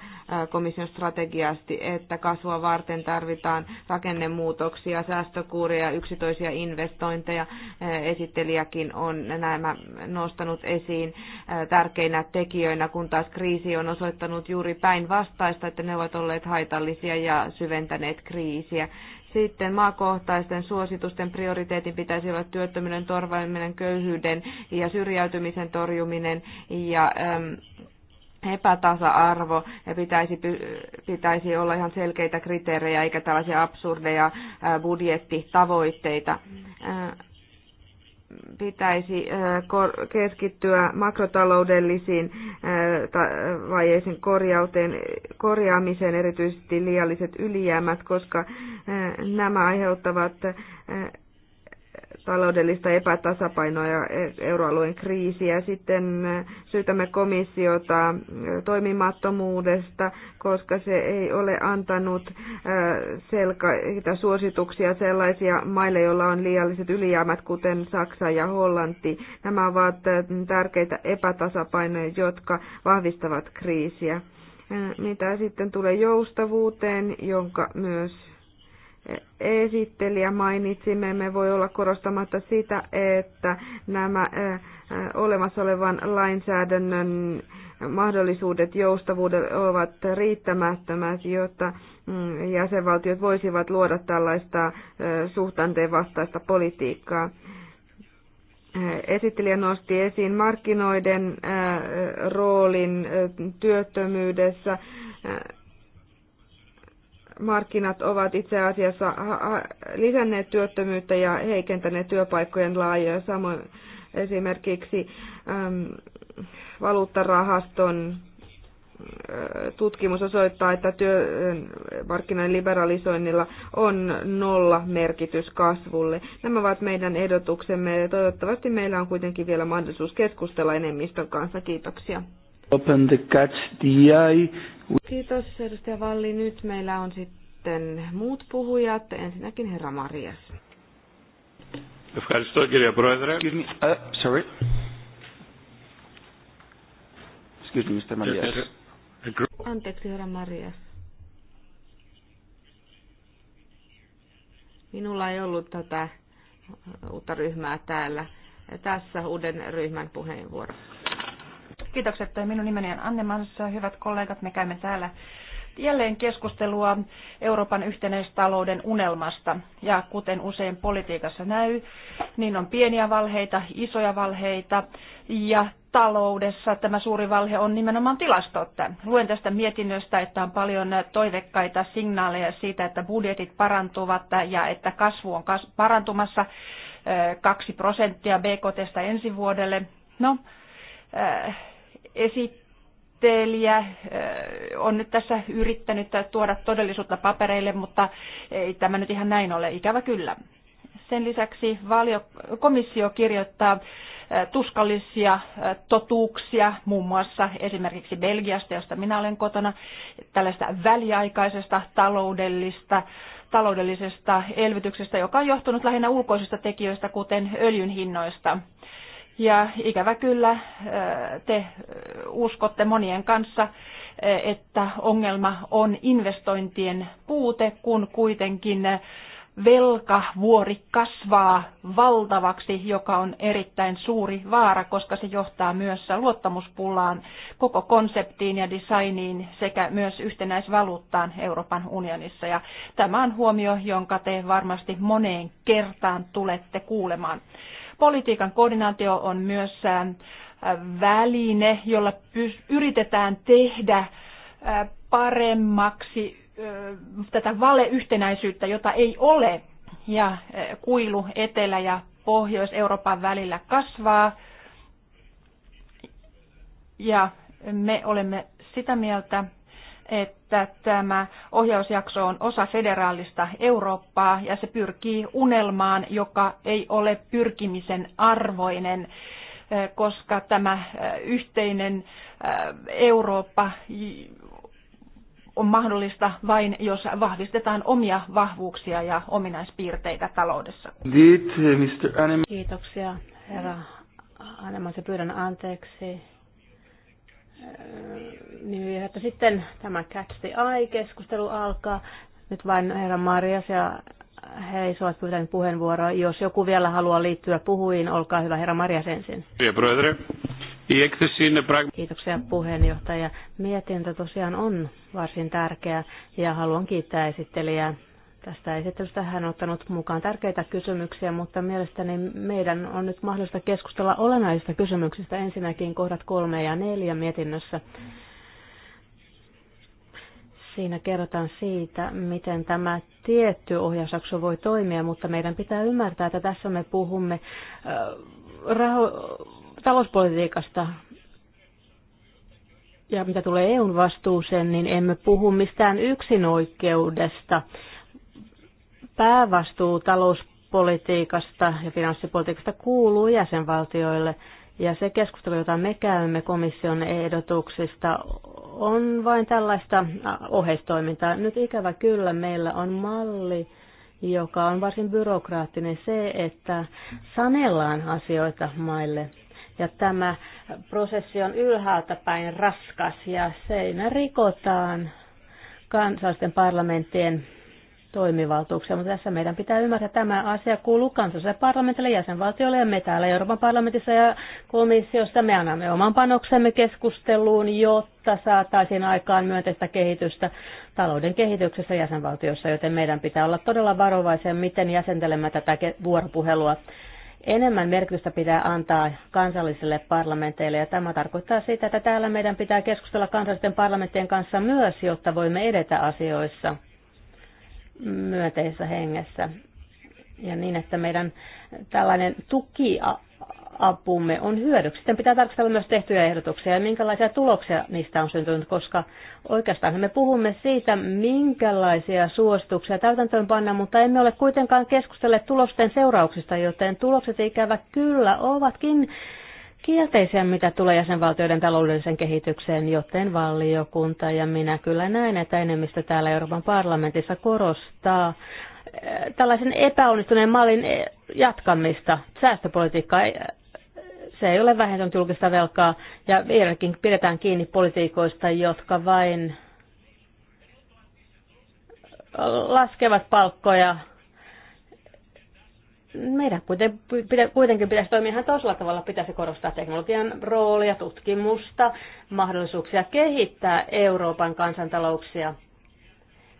komission strategiasti, että kasvua varten tarvitaan rakennemuutoksia, säästökuuria, yksityisiä investointeja. Esittelijäkin on nämä nostanut esiin tärkeinä tekijöinä, kun taas kriisi on osoittanut juuri päinvastaista, että ne ovat olleet haitallisia ja syventäneet kriisiä. Sitten maakohtaisten suositusten prioriteetin pitäisi olla työttömyyden torvaaminen, köyhyyden ja syrjäytymisen torjuminen ja ähm, epätasa-arvo ja pitäisi, pitäisi olla ihan selkeitä kriteerejä eikä tällaisia absurdeja budjettitavoitteita. Pitäisi keskittyä makrotaloudellisiin vajeisiin korjaamiseen, erityisesti liialliset ylijäämät, koska nämä aiheuttavat taloudellista epätasapainoa ja e- euroalueen kriisiä. Sitten syytämme komissiota toimimattomuudesta, koska se ei ole antanut selka- suosituksia sellaisia maille, joilla on liialliset ylijäämät, kuten Saksa ja Hollanti. Nämä ovat tärkeitä epätasapainoja, jotka vahvistavat kriisiä. Mitä sitten tulee joustavuuteen, jonka myös esittelijä mainitsi, me emme voi olla korostamatta sitä, että nämä olemassa olevan lainsäädännön mahdollisuudet joustavuudet ovat riittämättömät, jotta mm, jäsenvaltiot voisivat luoda tällaista suhtanteen vastaista politiikkaa. Esittelijä nosti esiin markkinoiden roolin työttömyydessä markkinat ovat itse asiassa lisänneet työttömyyttä ja heikentäneet työpaikkojen laajoja. Samoin esimerkiksi valuuttarahaston äh, tutkimus osoittaa, että työmarkkinoiden liberalisoinnilla on nolla merkitys kasvulle. Nämä ovat meidän ehdotuksemme ja toivottavasti meillä on kuitenkin vielä mahdollisuus keskustella enemmistön kanssa. Kiitoksia. Open the catch Kiitos edustaja Valli. Nyt meillä on sitten muut puhujat. Ensinnäkin herra Marias. Excuse me. Uh, sorry. Excuse me, Mr. Marias. Anteeksi, herra Marias. Minulla ei ollut tätä uutta ryhmää täällä. Tässä uuden ryhmän puheenvuoro. Kiitokset. Minun nimeni on Anne Massa. Hyvät kollegat, me käymme täällä jälleen keskustelua Euroopan yhtenäistalouden unelmasta. Ja kuten usein politiikassa näy, niin on pieniä valheita, isoja valheita ja taloudessa tämä suuri valhe on nimenomaan tilastot. Luen tästä mietinnöstä, että on paljon toivekkaita signaaleja siitä, että budjetit parantuvat ja että kasvu on parantumassa 2 prosenttia BKTstä ensi vuodelle. No, Äh, esittelijä äh, on nyt tässä yrittänyt tuoda todellisuutta papereille, mutta ei tämä nyt ihan näin ole, ikävä kyllä. Sen lisäksi valio, komissio kirjoittaa äh, tuskallisia totuuksia, muun muassa esimerkiksi Belgiasta, josta minä olen kotona, tällaista väliaikaisesta taloudellista, taloudellisesta elvytyksestä, joka on johtunut lähinnä ulkoisista tekijöistä, kuten öljyn hinnoista. Ja ikävä kyllä äh, te äh, uskotte monien kanssa, äh, että ongelma on investointien puute, kun kuitenkin velkavuori kasvaa valtavaksi, joka on erittäin suuri vaara, koska se johtaa myös luottamuspullaan koko konseptiin ja designiin sekä myös yhtenäisvaluuttaan Euroopan unionissa. Ja tämä on huomio, jonka te varmasti moneen kertaan tulette kuulemaan. Politiikan koordinaatio on myös väline, jolla yritetään tehdä paremmaksi tätä valeyhtenäisyyttä, jota ei ole, ja kuilu Etelä- ja Pohjois-Euroopan välillä kasvaa. Ja me olemme sitä mieltä, että tämä ohjausjakso on osa federaalista Eurooppaa ja se pyrkii unelmaan, joka ei ole pyrkimisen arvoinen, koska tämä yhteinen Eurooppa on mahdollista vain, jos vahvistetaan omia vahvuuksia ja ominaispiirteitä taloudessa. Kiitoksia, herra Anema. Se pyydän anteeksi Öö, niin että sitten tämä Catch the Eye-keskustelu alkaa. Nyt vain herra Marias ja hei, sinua pyytänyt puheenvuoroa. Jos joku vielä haluaa liittyä puhuin, olkaa hyvä herra Marias ensin. Kiitoksia puheenjohtaja. Mietintö tosiaan on varsin tärkeä ja haluan kiittää esittelijää tästä esittelystä. Hän on ottanut mukaan tärkeitä kysymyksiä, mutta mielestäni meidän on nyt mahdollista keskustella olennaisista kysymyksistä ensinnäkin kohdat kolme ja neljä mietinnössä. Siinä kerrotaan siitä, miten tämä tietty ohjausjakso voi toimia, mutta meidän pitää ymmärtää, että tässä me puhumme raho- talouspolitiikasta, ja mitä tulee EUn vastuuseen, niin emme puhu mistään yksinoikeudesta Päävastuu talouspolitiikasta ja finanssipolitiikasta kuuluu jäsenvaltioille, ja se keskustelu, jota me käymme komission ehdotuksista, on vain tällaista oheistoimintaa. Nyt ikävä kyllä meillä on malli, joka on varsin byrokraattinen se, että sanellaan asioita maille. Ja tämä prosessi on ylhäältä päin raskas ja seinä rikotaan kansallisten parlamenttien toimivaltuuksia, mutta tässä meidän pitää ymmärtää, että tämä asia kuuluu kansalliselle parlamentille, jäsenvaltiolle ja me täällä Euroopan parlamentissa ja komissiossa me annamme oman panoksemme keskusteluun, jotta saataisiin aikaan myönteistä kehitystä talouden kehityksessä jäsenvaltiossa, joten meidän pitää olla todella varovaisia, miten jäsentelemme tätä vuoropuhelua. Enemmän merkitystä pitää antaa kansallisille parlamenteille ja tämä tarkoittaa sitä, että täällä meidän pitää keskustella kansallisten parlamenttien kanssa myös, jotta voimme edetä asioissa myöteissä, hengessä. Ja niin, että meidän tällainen tukiapumme on hyödyksi. Sitten pitää tarkastella myös tehtyjä ehdotuksia ja minkälaisia tuloksia niistä on syntynyt, koska oikeastaan me puhumme siitä, minkälaisia suosituksia täytäntöön panna, mutta emme ole kuitenkaan keskustelleet tulosten seurauksista, joten tulokset ikävä kyllä ovatkin kielteisiä, mitä tulee jäsenvaltioiden taloudelliseen kehitykseen, joten valiokunta ja minä kyllä näen, että enemmistö täällä Euroopan parlamentissa korostaa eh, tällaisen epäonnistuneen mallin eh, jatkamista, säästöpolitiikkaa. Eh, se ei ole vähentänyt julkista velkaa ja vieläkin pidetään kiinni politiikoista, jotka vain laskevat palkkoja meidän kuitenkin pitäisi toimia ihan toisella tavalla. Pitäisi korostaa teknologian roolia, tutkimusta, mahdollisuuksia kehittää Euroopan kansantalouksia.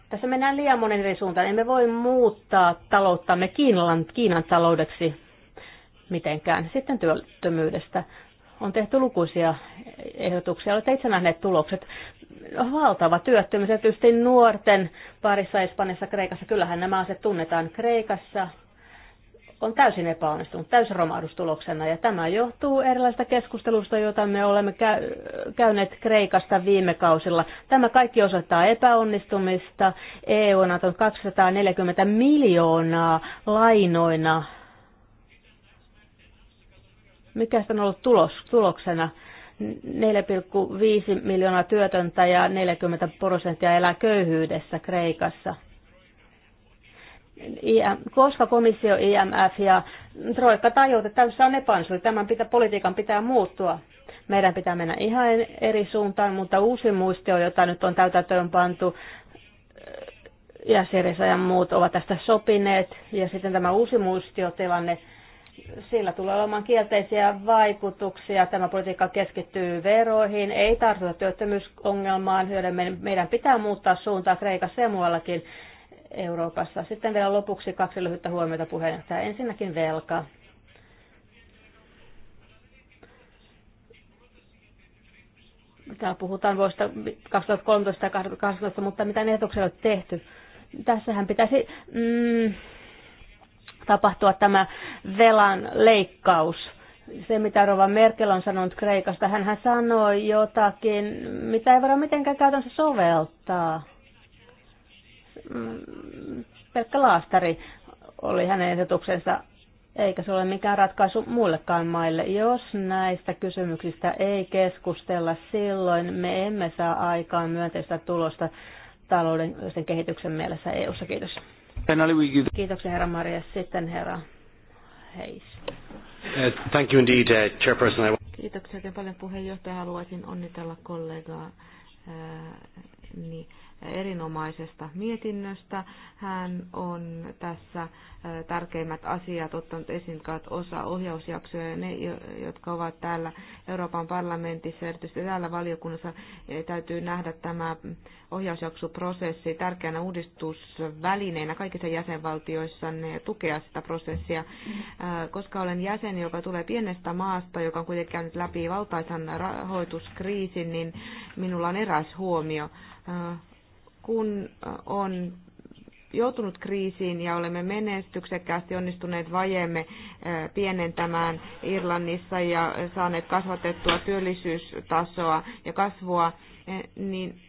Tässä mennään liian monen eri suuntaan. Emme voi muuttaa talouttamme Kiinan, Kiinan taloudeksi mitenkään. Sitten työttömyydestä on tehty lukuisia ehdotuksia. Olette itse nähneet tulokset. Valtava työttömyys, tietysti nuorten parissa Espanjassa, Kreikassa. Kyllähän nämä asiat tunnetaan Kreikassa on täysin epäonnistunut, täysin romahdustuloksena. Ja tämä johtuu erilaisista keskustelusta, joita me olemme käyneet Kreikasta viime kausilla. Tämä kaikki osoittaa epäonnistumista. EU on 240 miljoonaa lainoina. Mikä on ollut tulos, tuloksena? 4,5 miljoonaa työtöntä ja 40 prosenttia elää köyhyydessä Kreikassa koska komissio, IMF ja Troikka tajuut, että tässä on epäonnistunut, tämän pitä, politiikan pitää muuttua. Meidän pitää mennä ihan eri suuntaan, mutta uusi muistio, jota nyt on täytäntöön pantu, äh, ja Sirisa ja muut ovat tästä sopineet. Ja sitten tämä uusi muistiotilanne, sillä tulee olemaan kielteisiä vaikutuksia. Tämä politiikka keskittyy veroihin, ei tartuta työttömyysongelmaan, meidän pitää muuttaa suuntaa Kreikassa ja muuallakin. Euroopassa. Sitten vielä lopuksi kaksi lyhyttä huomiota puheenjohtaja. Ensinnäkin velka. Täällä puhutaan vuodesta 2013 ja 2018, mutta mitä ehdotuksia on tehty? Tässähän pitäisi mm, tapahtua tämä velan leikkaus se, mitä Rova Merkel on sanonut Kreikasta, hän sanoi jotakin, mitä ei voida mitenkään käytännössä soveltaa. Mm, pelkkä laastari oli hänen ehdotuksensa, eikä se ole mikään ratkaisu muillekaan maille. Jos näistä kysymyksistä ei keskustella, silloin me emme saa aikaan myönteistä tulosta talouden kehityksen mielessä EU-ssa. Kiitos. Kiitoksia herra Maria. Sitten herra Heis. Uh, thank you indeed, uh, Chairperson. Kiitoksia oikein paljon puheenjohtaja. Haluaisin onnitella kollegaa. Uh, niin erinomaisesta mietinnöstä. Hän on tässä tärkeimmät asiat ottanut esiin, jotka ovat osa ohjausjaksoja, ne, jotka ovat täällä Euroopan parlamentissa, erityisesti täällä valiokunnassa, e, täytyy nähdä tämä ohjausjaksoprosessi tärkeänä uudistusvälineenä kaikissa jäsenvaltioissa ne tukea sitä prosessia. Koska olen jäsen, joka tulee pienestä maasta, joka on kuitenkin käynyt läpi valtaisan rahoituskriisin, niin minulla on eräs huomio kun on joutunut kriisiin ja olemme menestyksekkäästi onnistuneet vajeemme pienentämään Irlannissa ja saaneet kasvatettua työllisyystasoa ja kasvua, niin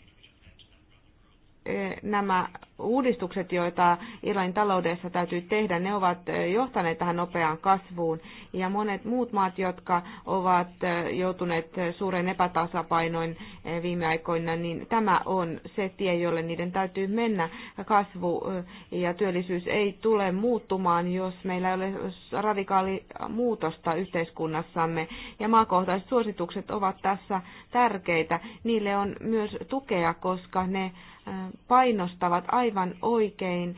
nämä uudistukset, joita Irlannin taloudessa täytyy tehdä, ne ovat johtaneet tähän nopeaan kasvuun. Ja monet muut maat, jotka ovat joutuneet suureen epätasapainoin viime aikoina, niin tämä on se tie, jolle niiden täytyy mennä. Kasvu ja työllisyys ei tule muuttumaan, jos meillä ei ole radikaali muutosta yhteiskunnassamme. Ja maakohtaiset suositukset ovat tässä tärkeitä. Niille on myös tukea, koska ne painostavat aivan oikein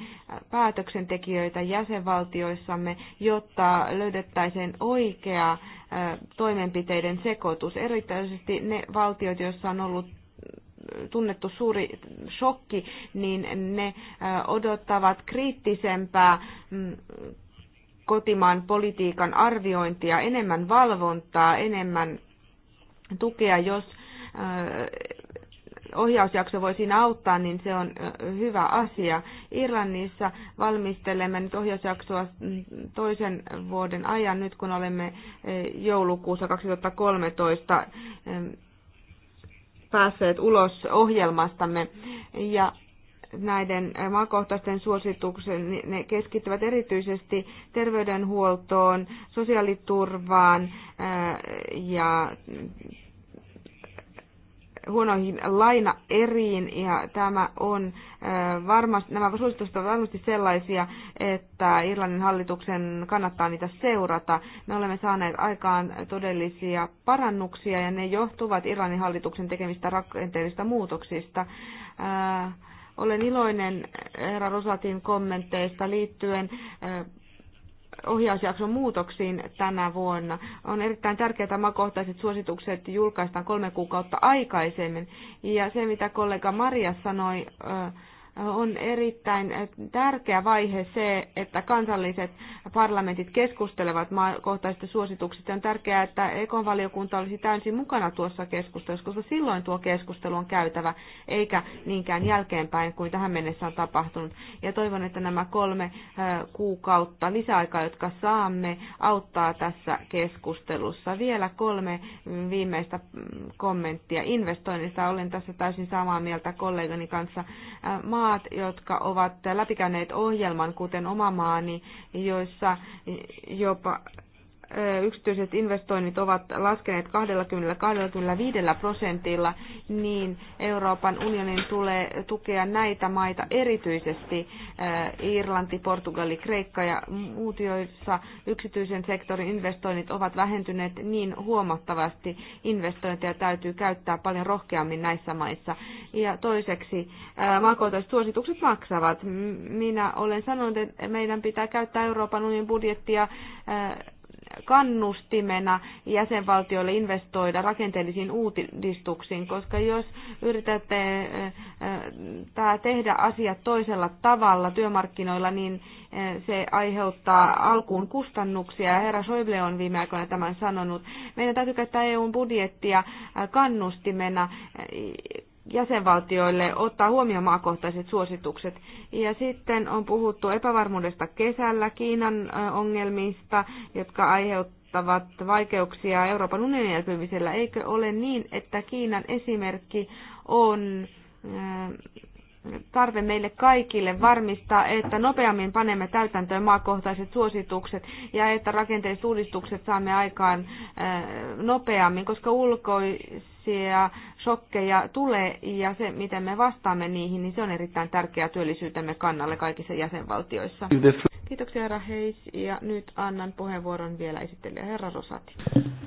päätöksentekijöitä jäsenvaltioissamme, jotta löydettäisiin oikea toimenpiteiden sekoitus. Erityisesti ne valtiot, joissa on ollut tunnettu suuri shokki, niin ne odottavat kriittisempää mm, kotimaan politiikan arviointia, enemmän valvontaa, enemmän tukea, jos ohjausjakso voi siinä auttaa, niin se on hyvä asia. Irlannissa valmistelemme nyt ohjausjaksoa toisen vuoden ajan, nyt kun olemme joulukuussa 2013 päässeet ulos ohjelmastamme. Ja näiden maakohtaisten suosituksen, niin ne keskittyvät erityisesti terveydenhuoltoon, sosiaaliturvaan ja huonoihin lainaeriin ja tämä on varmasti, nämä suositukset ovat varmasti sellaisia, että Irlannin hallituksen kannattaa niitä seurata. Me olemme saaneet aikaan todellisia parannuksia ja ne johtuvat Irlannin hallituksen tekemistä rakenteellisista muutoksista. Olen iloinen herra Rosatin kommenteista liittyen ohjausjakson muutoksiin tänä vuonna. On erittäin tärkeää, että makohtaiset suositukset julkaistaan kolme kuukautta aikaisemmin. Ja se, mitä kollega Maria sanoi, on erittäin äh, tärkeä vaihe se, että kansalliset parlamentit keskustelevat maakohtaisista suosituksista. On tärkeää, että ekonvaliokunta olisi täysin mukana tuossa keskustelussa, koska silloin tuo keskustelu on käytävä, eikä niinkään jälkeenpäin kuin tähän mennessä on tapahtunut. Ja toivon, että nämä kolme äh, kuukautta lisäaikaa, jotka saamme, auttaa tässä keskustelussa. Vielä kolme viimeistä mm, kommenttia investoinnista. Olen tässä täysin samaa mieltä kollegani kanssa. Äh, maa maat, jotka ovat läpikäyneet ohjelman, kuten oma maani, joissa jopa yksityiset investoinnit ovat laskeneet 20-25 prosentilla, niin Euroopan unionin tulee tukea näitä maita erityisesti Irlanti, Portugali, Kreikka ja muut, joissa yksityisen sektorin investoinnit ovat vähentyneet niin huomattavasti. Investointeja täytyy käyttää paljon rohkeammin näissä maissa. Ja toiseksi maakohtaiset suositukset maksavat. Minä olen sanonut, että meidän pitää käyttää Euroopan unionin budjettia kannustimena jäsenvaltioille investoida rakenteellisiin uudistuksiin, koska jos yritätte eh, tää tehdä asiat toisella tavalla työmarkkinoilla, niin eh, se aiheuttaa alkuun kustannuksia. Herra Schäuble on viime aikoina tämän sanonut. Meidän täytyy käyttää EUn budjettia eh, kannustimena jäsenvaltioille ottaa huomioon maakohtaiset suositukset. Ja sitten on puhuttu epävarmuudesta kesällä, Kiinan ongelmista, jotka aiheuttavat vaikeuksia Euroopan unionin elpymisellä. Eikö ole niin, että Kiinan esimerkki on tarve meille kaikille varmistaa, että nopeammin panemme täytäntöön maakohtaiset suositukset ja että rakenteiset uudistukset saamme aikaan eh, nopeammin, koska ulkoisia shokkeja tulee ja se, miten me vastaamme niihin, niin se on erittäin tärkeää työllisyytemme kannalle kaikissa jäsenvaltioissa. Kiitoksia herra Heis ja nyt annan puheenvuoron vielä esittelijä herra Rosati.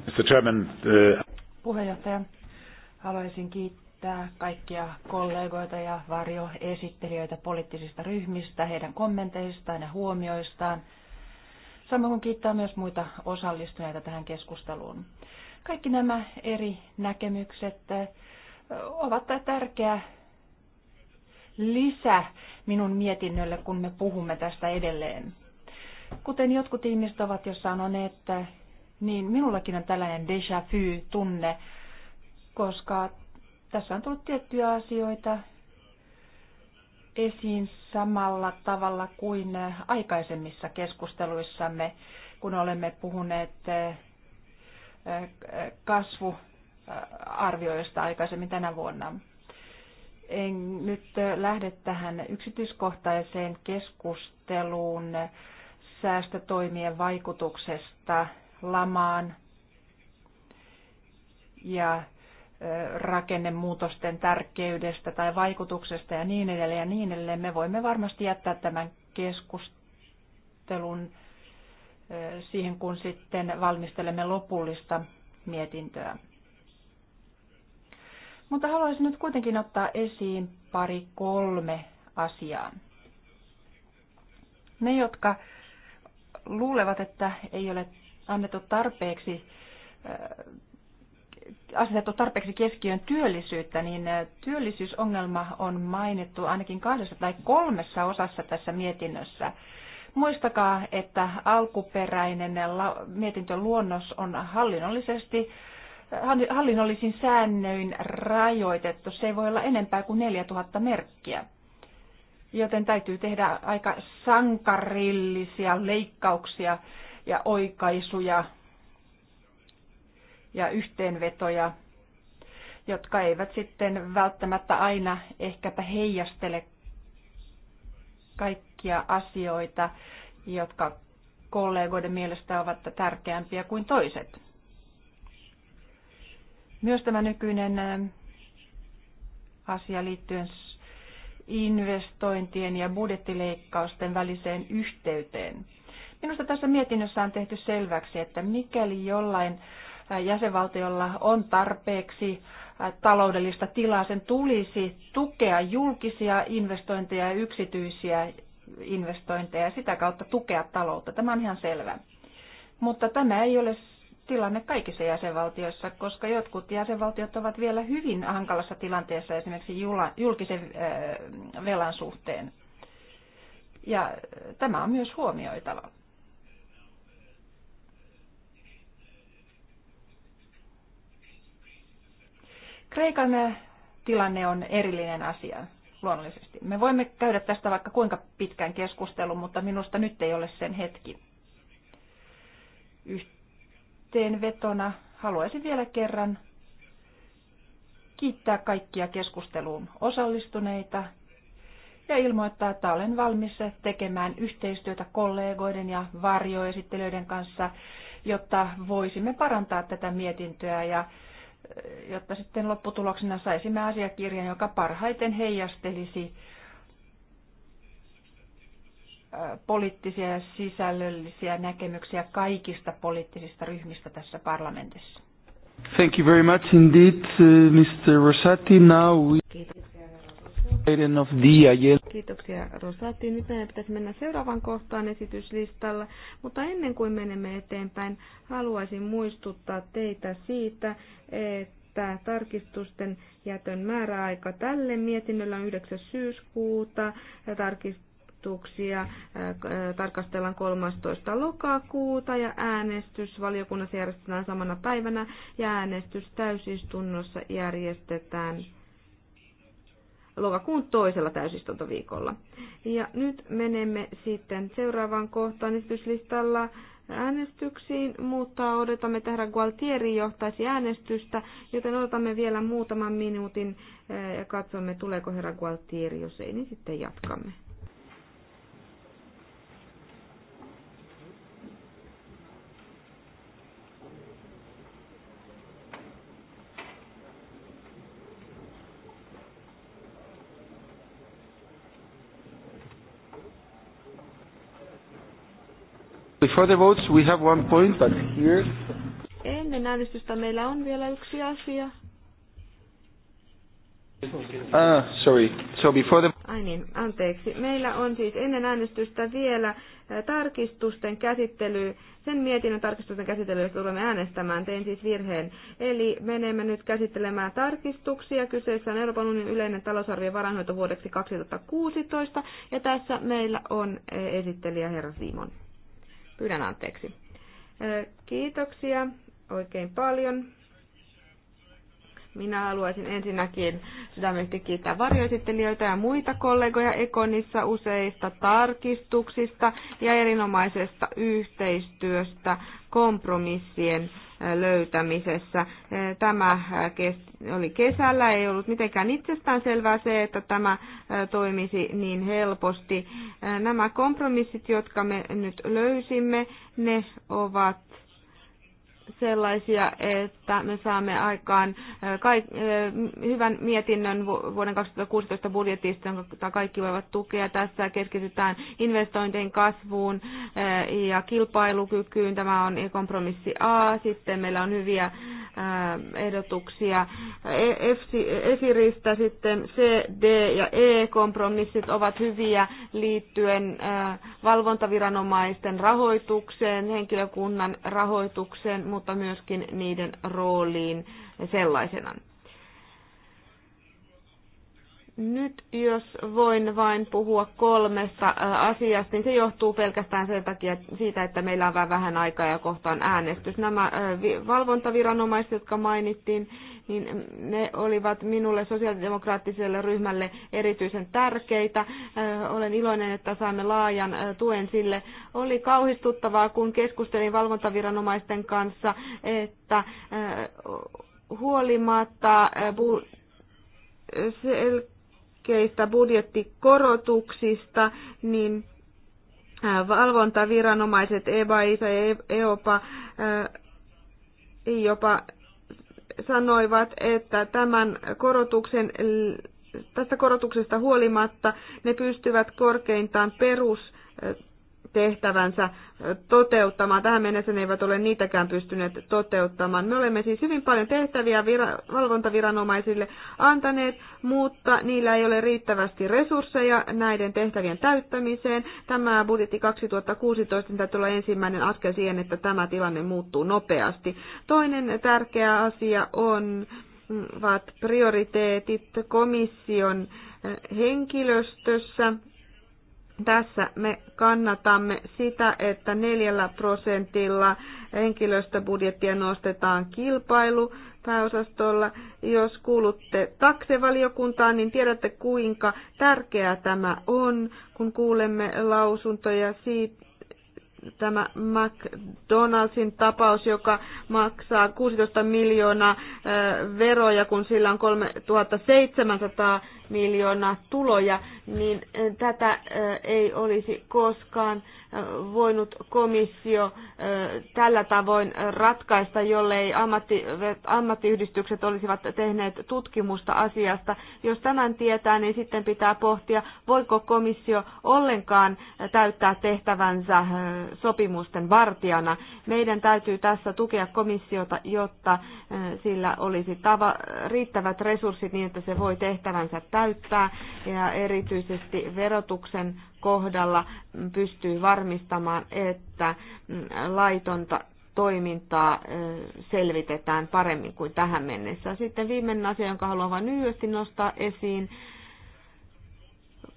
Mr. Chairman, eh, Puheenjohtaja, haluaisin kiittää kiittää kaikkia kollegoita ja varjoesittelijöitä poliittisista ryhmistä, heidän kommenteistaan ja huomioistaan. Samoin kuin kiittää myös muita osallistuneita tähän keskusteluun. Kaikki nämä eri näkemykset ovat tärkeä lisä minun mietinnölle, kun me puhumme tästä edelleen. Kuten jotkut ihmiset ovat jo sanoneet, niin minullakin on tällainen déjà vu-tunne, koska tässä on tullut tiettyjä asioita esiin samalla tavalla kuin aikaisemmissa keskusteluissamme, kun olemme puhuneet eh, eh, kasvuarvioista aikaisemmin tänä vuonna. En nyt lähde tähän yksityiskohtaiseen keskusteluun säästötoimien vaikutuksesta lamaan ja rakennemuutosten tärkeydestä tai vaikutuksesta ja niin edelleen ja niin edelleen. Me voimme varmasti jättää tämän keskustelun siihen, kun sitten valmistelemme lopullista mietintöä. Mutta haluaisin nyt kuitenkin ottaa esiin pari kolme asiaa. Ne, jotka luulevat, että ei ole annettu tarpeeksi asetettu tarpeeksi keskiön työllisyyttä, niin työllisyysongelma on mainittu ainakin kahdessa tai kolmessa osassa tässä mietinnössä. Muistakaa, että alkuperäinen mietintöluonnos on hallinnollisesti hallinnollisin säännöin rajoitettu. Se ei voi olla enempää kuin 4000 merkkiä. Joten täytyy tehdä aika sankarillisia leikkauksia ja oikaisuja ja yhteenvetoja, jotka eivät sitten välttämättä aina ehkäpä heijastele kaikkia asioita, jotka kollegoiden mielestä ovat tärkeämpiä kuin toiset. Myös tämä nykyinen asia liittyen investointien ja budjettileikkausten väliseen yhteyteen. Minusta tässä mietinnössä on tehty selväksi, että mikäli jollain jäsenvaltiolla on tarpeeksi taloudellista tilaa, sen tulisi tukea julkisia investointeja ja yksityisiä investointeja ja sitä kautta tukea taloutta. Tämä on ihan selvä. Mutta tämä ei ole tilanne kaikissa jäsenvaltioissa, koska jotkut jäsenvaltiot ovat vielä hyvin hankalassa tilanteessa esimerkiksi julkisen velan suhteen. Ja tämä on myös huomioitava. Kreikan eh, tilanne on erillinen asia luonnollisesti. Me voimme käydä tästä vaikka kuinka pitkään keskustelun, mutta minusta nyt ei ole sen hetki. Yhteenvetona haluaisin vielä kerran kiittää kaikkia keskusteluun osallistuneita ja ilmoittaa, että olen valmis tekemään yhteistyötä kollegoiden ja varjoesittelijöiden kanssa, jotta voisimme parantaa tätä mietintöä ja jotta sitten lopputuloksena saisimme asiakirjan, joka parhaiten heijastelisi poliittisia ja sisällöllisiä näkemyksiä kaikista poliittisista ryhmistä tässä parlamentissa. Thank you very much indeed, uh, Mr. Rosati. Now we... Kiitos. Kiitoksia Rosati. Nyt meidän pitäisi mennä seuraavan kohtaan esityslistalla, mutta ennen kuin menemme eteenpäin, haluaisin muistuttaa teitä siitä, että tarkistusten jätön määräaika tälle mietinnöllä on 9. syyskuuta ja tarkist äh, tarkastellaan 13. lokakuuta ja äänestys valiokunnassa järjestetään samana päivänä ja äänestys täysistunnossa järjestetään lokakuun toisella täysistuntoviikolla. Ja nyt menemme sitten seuraavaan kohtaan esityslistalla äänestyksiin, mutta odotamme, tähän Gualtieri johtaisi äänestystä, joten odotamme vielä muutaman minuutin eh, ja katsomme, tuleeko herra Gualtieri. Jos ei, niin sitten jatkamme. Before the votes we have one point, but here... Ennen äänestystä meillä on vielä yksi asia. Ah, sorry. So before the... Ai niin, anteeksi. Meillä on siis ennen äänestystä vielä eh, tarkistusten käsittely. Sen mietinnön tarkistusten josta tulemme äänestämään. Tein siis virheen. Eli menemme nyt käsittelemään tarkistuksia. Kyseessä on Euroopan unionin yleinen talousarvio varanhoito vuodeksi 2016. Ja tässä meillä on eh, esittelijä herra Simon. Pyydän anteeksi. Kiitoksia oikein paljon. Minä haluaisin ensinnäkin sydämellisesti kiittää varjoesittelijöitä ja muita kollegoja Ekonissa useista tarkistuksista ja erinomaisesta yhteistyöstä kompromissien löytämisessä. Tämä oli kesällä, ei ollut mitenkään itsestään selvää se, että tämä toimisi niin helposti. Nämä kompromissit, jotka me nyt löysimme, ne ovat sellaisia, että me saamme aikaan äh, äh, hyvän mietinnön vuoden 2016 budjetista, jota kaikki voivat tukea. Tässä keskitytään investointien kasvuun äh, ja kilpailukykyyn. Tämä on kompromissi A. Sitten meillä on hyviä ehdotuksia e, EFIRistä, sitten C, D ja E-kompromissit ovat hyviä liittyen valvontaviranomaisten rahoitukseen, henkilökunnan rahoitukseen, mutta myöskin niiden rooliin sellaisenaan. Nyt jos voin vain puhua kolmesta asiasta, niin se johtuu pelkästään sen takia siitä, että meillä on vähän aikaa ja kohtaan äänestys. Nämä valvontaviranomaiset, jotka mainittiin, niin ne olivat minulle sosiaalidemokraattiselle ryhmälle erityisen tärkeitä. Olen iloinen, että saamme laajan tuen sille. Oli kauhistuttavaa, kun keskustelin valvontaviranomaisten kanssa, että huolimatta sel- äkkeistä budjettikorotuksista, niin äh, valvontaviranomaiset EBA, ISA ja EOPA äh, jopa sanoivat, että tämän korotuksen, tästä korotuksesta huolimatta ne pystyvät korkeintaan perus äh, tehtävänsä toteuttamaan. Tähän mennessä ne eivät ole niitäkään pystyneet toteuttamaan. Me olemme siis hyvin paljon tehtäviä vira- valvontaviranomaisille antaneet, mutta niillä ei ole riittävästi resursseja näiden tehtävien täyttämiseen. Tämä budjetti 2016 täytyy olla ensimmäinen askel siihen, että tämä tilanne muuttuu nopeasti. Toinen tärkeä asia on mm, ovat prioriteetit komission eh, henkilöstössä tässä me kannatamme sitä, että neljällä prosentilla henkilöstöbudjettia nostetaan kilpailu pääosastolla. Jos kuulutte taksevaliokuntaan, niin tiedätte kuinka tärkeää tämä on, kun kuulemme lausuntoja siitä, tämä McDonaldsin tapaus, joka maksaa 16 miljoonaa veroja, kun sillä on 3700 miljoonaa tuloja, niin eh, tätä eh, ei olisi koskaan eh, voinut komissio tällä tavoin ratkaista, jollei ammatti, ammattiyhdistykset olisivat tehneet tutkimusta asiasta. Jos tämän tietää, niin sitten pitää pohtia, voiko komissio ollenkaan täyttää tehtävänsä sopimusten vartijana. Meidän täytyy tässä tukea komissiota, jotta sillä olisi tava, riittävät resurssit niin, että se voi tehtävänsä täyttää täyttää ja erityisesti verotuksen kohdalla pystyy varmistamaan, että laitonta toimintaa selvitetään paremmin kuin tähän mennessä. Sitten viimeinen asia, jonka haluan vain lyhyesti nostaa esiin.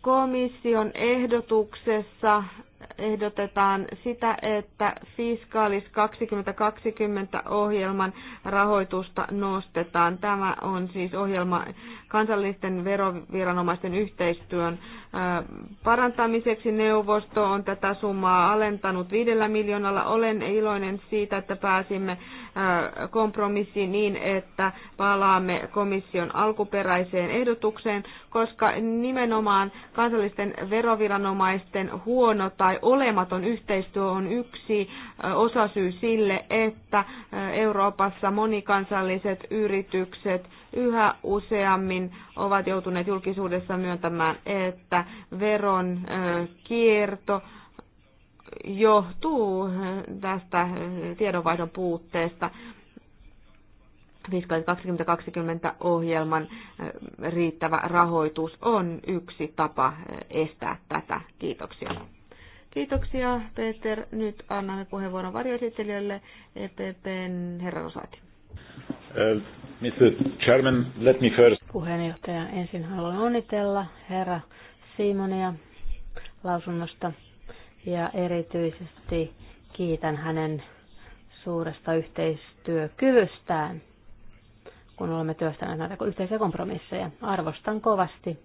Komission ehdotuksessa ehdotetaan sitä, että Fiskaalis 2020-ohjelman rahoitusta nostetaan. Tämä on siis ohjelma kansallisten veroviranomaisten yhteistyön parantamiseksi. Neuvosto on tätä summaa alentanut viidellä miljoonalla. Olen iloinen siitä, että pääsimme kompromissi niin, että palaamme komission alkuperäiseen ehdotukseen, koska nimenomaan kansallisten veroviranomaisten huono tai olematon yhteistyö on yksi osasyy sille, että Euroopassa monikansalliset yritykset yhä useammin ovat joutuneet julkisuudessa myöntämään, että veron kierto johtuu tästä tiedonvaihdon puutteesta. 2020 ohjelman riittävä rahoitus on yksi tapa estää tätä. Kiitoksia. Kiitoksia Peter. Nyt annamme puheenvuoron varjoesittelijälle EPPn herra Rosati. Uh, Mr. Chairman, let me first... Puheenjohtaja, ensin haluan onnitella herra Simonia lausunnosta ja erityisesti kiitän hänen suuresta yhteistyökyvystään, kun olemme työstäneet näitä yhteisiä kompromisseja. Arvostan kovasti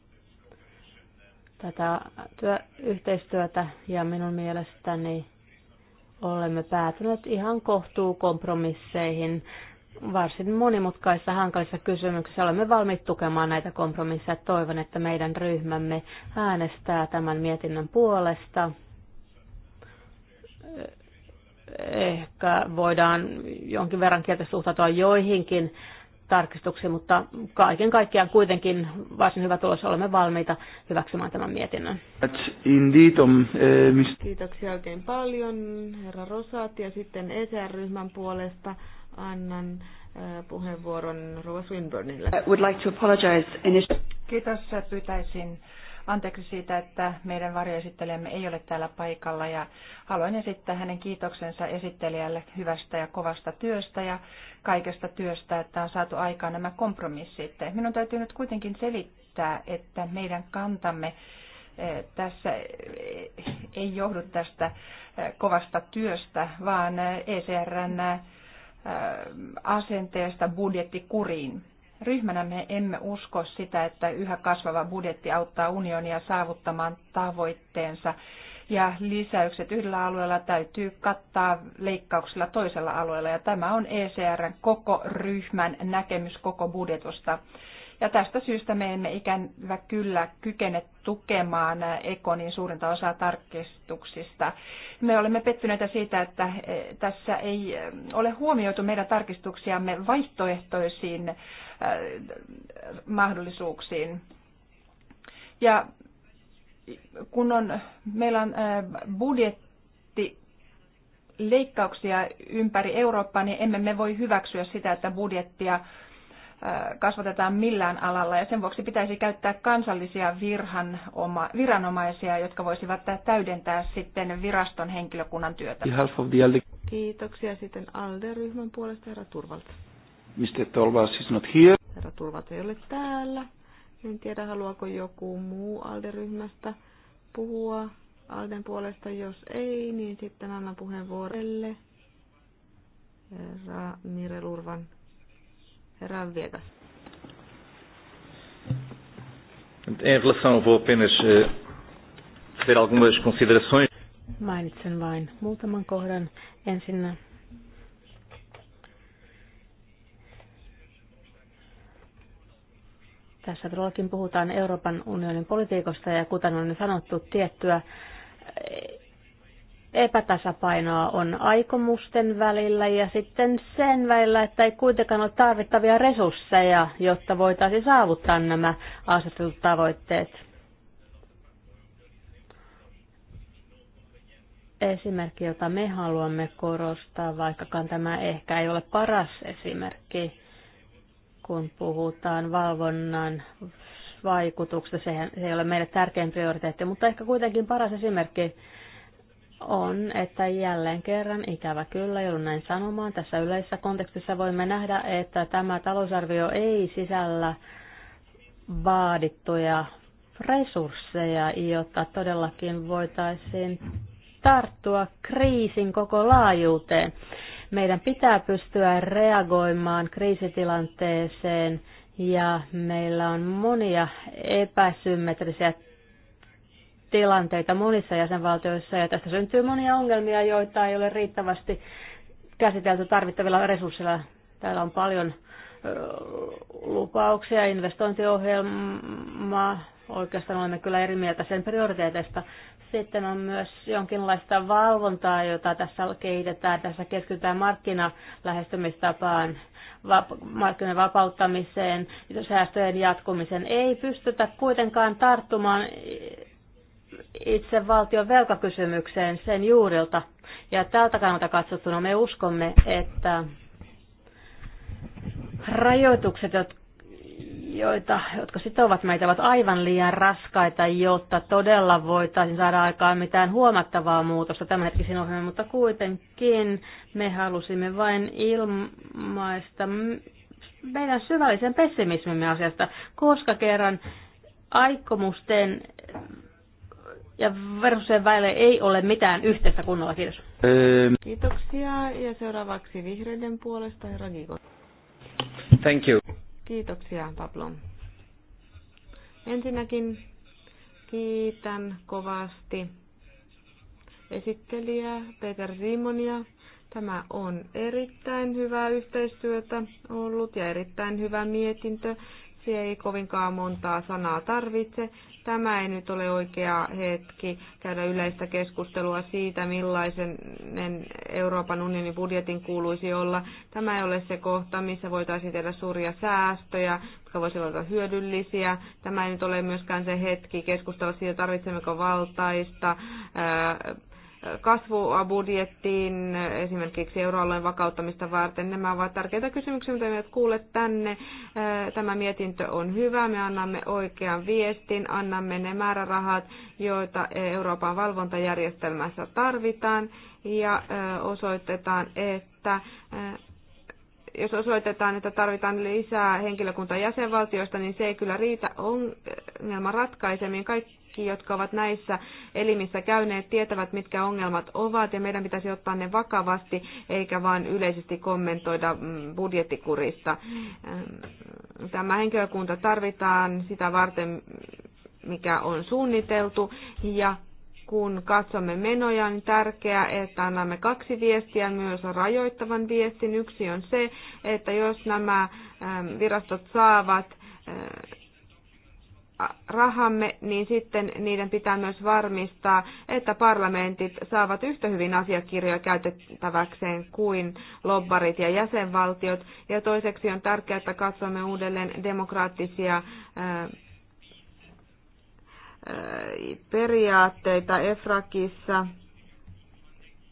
tätä työ, yhteistyötä ja minun mielestäni olemme päätyneet ihan kompromisseihin. varsin monimutkaisissa hankalissa kysymyksissä. Olemme valmiit tukemaan näitä kompromisseja. Toivon, että meidän ryhmämme äänestää tämän mietinnön puolesta ehkä voidaan jonkin verran kieltä suhtautua joihinkin tarkistuksiin, mutta kaiken kaikkiaan kuitenkin varsin hyvä tulos. Olemme valmiita hyväksymään tämän mietinnön. Um, eh, Kiitoksia oikein paljon, herra Rosat, ja sitten ECR-ryhmän puolesta annan eh, puheenvuoron Rova Swinburnille. Would like to apologize. Kiitos. Pyytäisin anteeksi siitä, että meidän varjoesittelijämme ei ole täällä paikalla ja haluan esittää hänen kiitoksensa esittelijälle hyvästä ja kovasta työstä ja kaikesta työstä, että on saatu aikaan nämä kompromissit. Minun täytyy nyt kuitenkin selittää, että meidän kantamme eh, tässä eh, ei johdu tästä eh, kovasta työstä, vaan ECRn e asenteesta budjettikuriin. Ryhmänä me emme usko sitä, että yhä kasvava budjetti auttaa unionia saavuttamaan tavoitteensa ja lisäykset yhdellä alueella täytyy kattaa leikkauksilla toisella alueella ja tämä on ECRn koko ryhmän näkemys koko budjetosta. Ja tästä syystä me emme ikävä kyllä kykene tukemaan Ekonin suurinta osaa tarkistuksista. Me olemme pettyneitä siitä, että eh, tässä ei eh, ole huomioitu meidän tarkistuksiamme vaihtoehtoisiin eh, mahdollisuuksiin. Ja kun on, meillä on budjetti leikkauksia ympäri Eurooppaa, niin emme me voi hyväksyä sitä, että budjettia kasvatetaan millään alalla ja sen vuoksi pitäisi käyttää kansallisia virhan viranomaisia, jotka voisivat täydentää sitten viraston henkilökunnan työtä. Kiitoksia sitten ALDE-ryhmän puolesta herra Turvalta. Mr. Tolvas is not here. Herra Turvalta ei ole täällä. En tiedä, haluaako joku muu ALDE-ryhmästä puhua ALDEn puolesta. Jos ei, niin sitten annan puheenvuorelle herra Mirelurvan Herra Viegas. Em relação, vou apenas eh, fazer algumas considerações. Mainitsen vain muutaman kohdan. Ensinnä tässä todellakin puhutaan Euroopan unionin politiikosta ja kuten on sanottu, tiettyä epätasapainoa on aikomusten välillä ja sitten sen välillä, että ei kuitenkaan ole tarvittavia resursseja, jotta voitaisiin saavuttaa nämä asetetut tavoitteet. Esimerkki, jota me haluamme korostaa, vaikkakaan tämä ehkä ei ole paras esimerkki, kun puhutaan valvonnan vaikutuksesta. se ei ole meille tärkein prioriteetti, mutta ehkä kuitenkin paras esimerkki on, että jälleen kerran, ikävä kyllä, joudun näin sanomaan, tässä yleisessä kontekstissa voimme nähdä, että tämä talousarvio ei sisällä vaadittuja resursseja, jotta todellakin voitaisiin tarttua kriisin koko laajuuteen. Meidän pitää pystyä reagoimaan kriisitilanteeseen ja meillä on monia epäsymmetrisiä tilanteita monissa jäsenvaltioissa ja tästä syntyy monia ongelmia, joita ei ole riittävästi käsitelty tarvittavilla resursseilla. Täällä on paljon lupauksia, investointiohjelmaa. Oikeastaan olemme kyllä eri mieltä sen prioriteeteista. Sitten on myös jonkinlaista valvontaa, jota tässä kehitetään. Tässä keskitytään markkinalähestymistapaan, markkinoiden vapauttamiseen, säästöjen jatkumiseen. Ei pystytä kuitenkaan tarttumaan itse valtion velkakysymykseen sen juurilta. Ja tältä kannalta katsottuna me uskomme, että rajoitukset, joita, jotka sitovat meitä, ovat aivan liian raskaita, jotta todella voitaisiin saada aikaan mitään huomattavaa muutosta tämänhetkisen ohjelman, mutta kuitenkin me halusimme vain ilmaista meidän syvällisen pessimismimme asiasta, koska kerran aikomusten ja versuksen väille ei ole mitään yhteistä kunnolla. Kiitos. Öö. Kiitoksia ja seuraavaksi vihreiden puolesta herra Giko. Thank you. Kiitoksia Pablo. Ensinnäkin kiitän kovasti esittelijä Peter Simonia. Tämä on erittäin hyvää yhteistyötä ollut ja erittäin hyvä mietintö. Se ei kovinkaan montaa sanaa tarvitse. Tämä ei nyt ole oikea hetki käydä yleistä keskustelua siitä, millaisen Euroopan unionin budjetin kuuluisi olla. Tämä ei ole se kohta, missä voitaisiin tehdä suuria säästöjä, jotka voisivat olla hyödyllisiä. Tämä ei nyt ole myöskään se hetki keskustella siitä, tarvitsemmeko valtaista kasvuabudjettiin esimerkiksi euroalueen vakauttamista varten. Nämä ovat tärkeitä kysymyksiä, mitä meidät kuulet tänne. Tämä mietintö on hyvä, me annamme oikean viestin, annamme ne määrärahat, joita Euroopan valvontajärjestelmässä tarvitaan ja osoitetaan, että jos osoitetaan, että tarvitaan lisää henkilökuntaa jäsenvaltioista, niin se ei kyllä riitä ongelman ratkaisemiin. Kaikki, jotka ovat näissä elimissä käyneet, tietävät, mitkä ongelmat ovat, ja meidän pitäisi ottaa ne vakavasti, eikä vain yleisesti kommentoida mm, budjettikurista. Tämä henkilökunta tarvitaan sitä varten, mikä on suunniteltu, ja kun katsomme menoja, niin tärkeää, että annamme kaksi viestiä, myös rajoittavan viestin. Yksi on se, että jos nämä ähm, virastot saavat äh, rahamme, niin sitten niiden pitää myös varmistaa, että parlamentit saavat yhtä hyvin asiakirjoja käytettäväkseen kuin lobbarit ja jäsenvaltiot. Ja toiseksi on tärkeää, että katsomme uudelleen demokraattisia äh, periaatteita EFRAKissa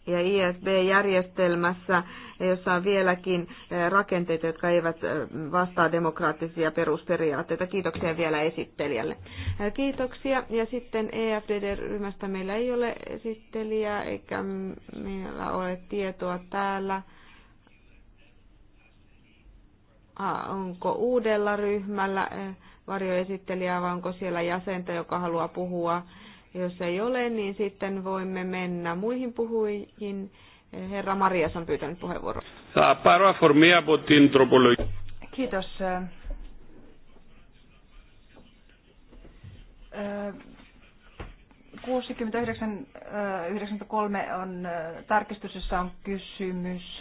ja ISB-järjestelmässä, jossa on vieläkin eh, rakenteita, jotka eivät eh, vastaa demokraattisia perusperiaatteita. Kiitoksia vielä esittelijälle. Eh, kiitoksia. Ja sitten EFDD-ryhmästä meillä ei ole esittelijää, eikä meillä ole tietoa täällä. Ah, onko uudella ryhmällä varjoesittelijää, vai onko siellä jäsentä, joka haluaa puhua. Jos ei ole, niin sitten voimme mennä muihin puhujiin. Herra Marias on pyytänyt puheenvuoron. Kiitos. Äh, 69-93 on tarkistus, jossa on kysymys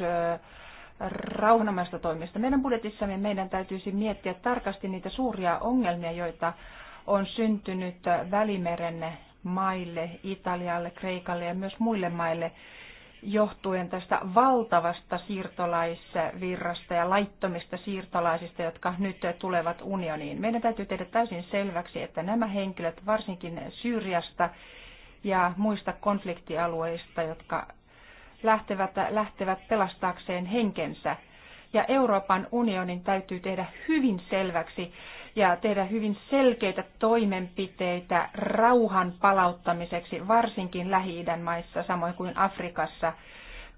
rauhanomaista toimista. Meidän budjetissamme meidän täytyisi miettiä tarkasti niitä suuria ongelmia, joita on syntynyt Välimeren maille, Italialle, Kreikalle ja myös muille maille johtuen tästä valtavasta siirtolaisvirrasta ja laittomista siirtolaisista, jotka nyt tulevat unioniin. Meidän täytyy tehdä täysin selväksi, että nämä henkilöt, varsinkin Syyriasta ja muista konfliktialueista, jotka lähtevät, lähtevät pelastaakseen henkensä. Ja Euroopan unionin täytyy tehdä hyvin selväksi ja tehdä hyvin selkeitä toimenpiteitä rauhan palauttamiseksi, varsinkin Lähi-idän maissa, samoin kuin Afrikassa,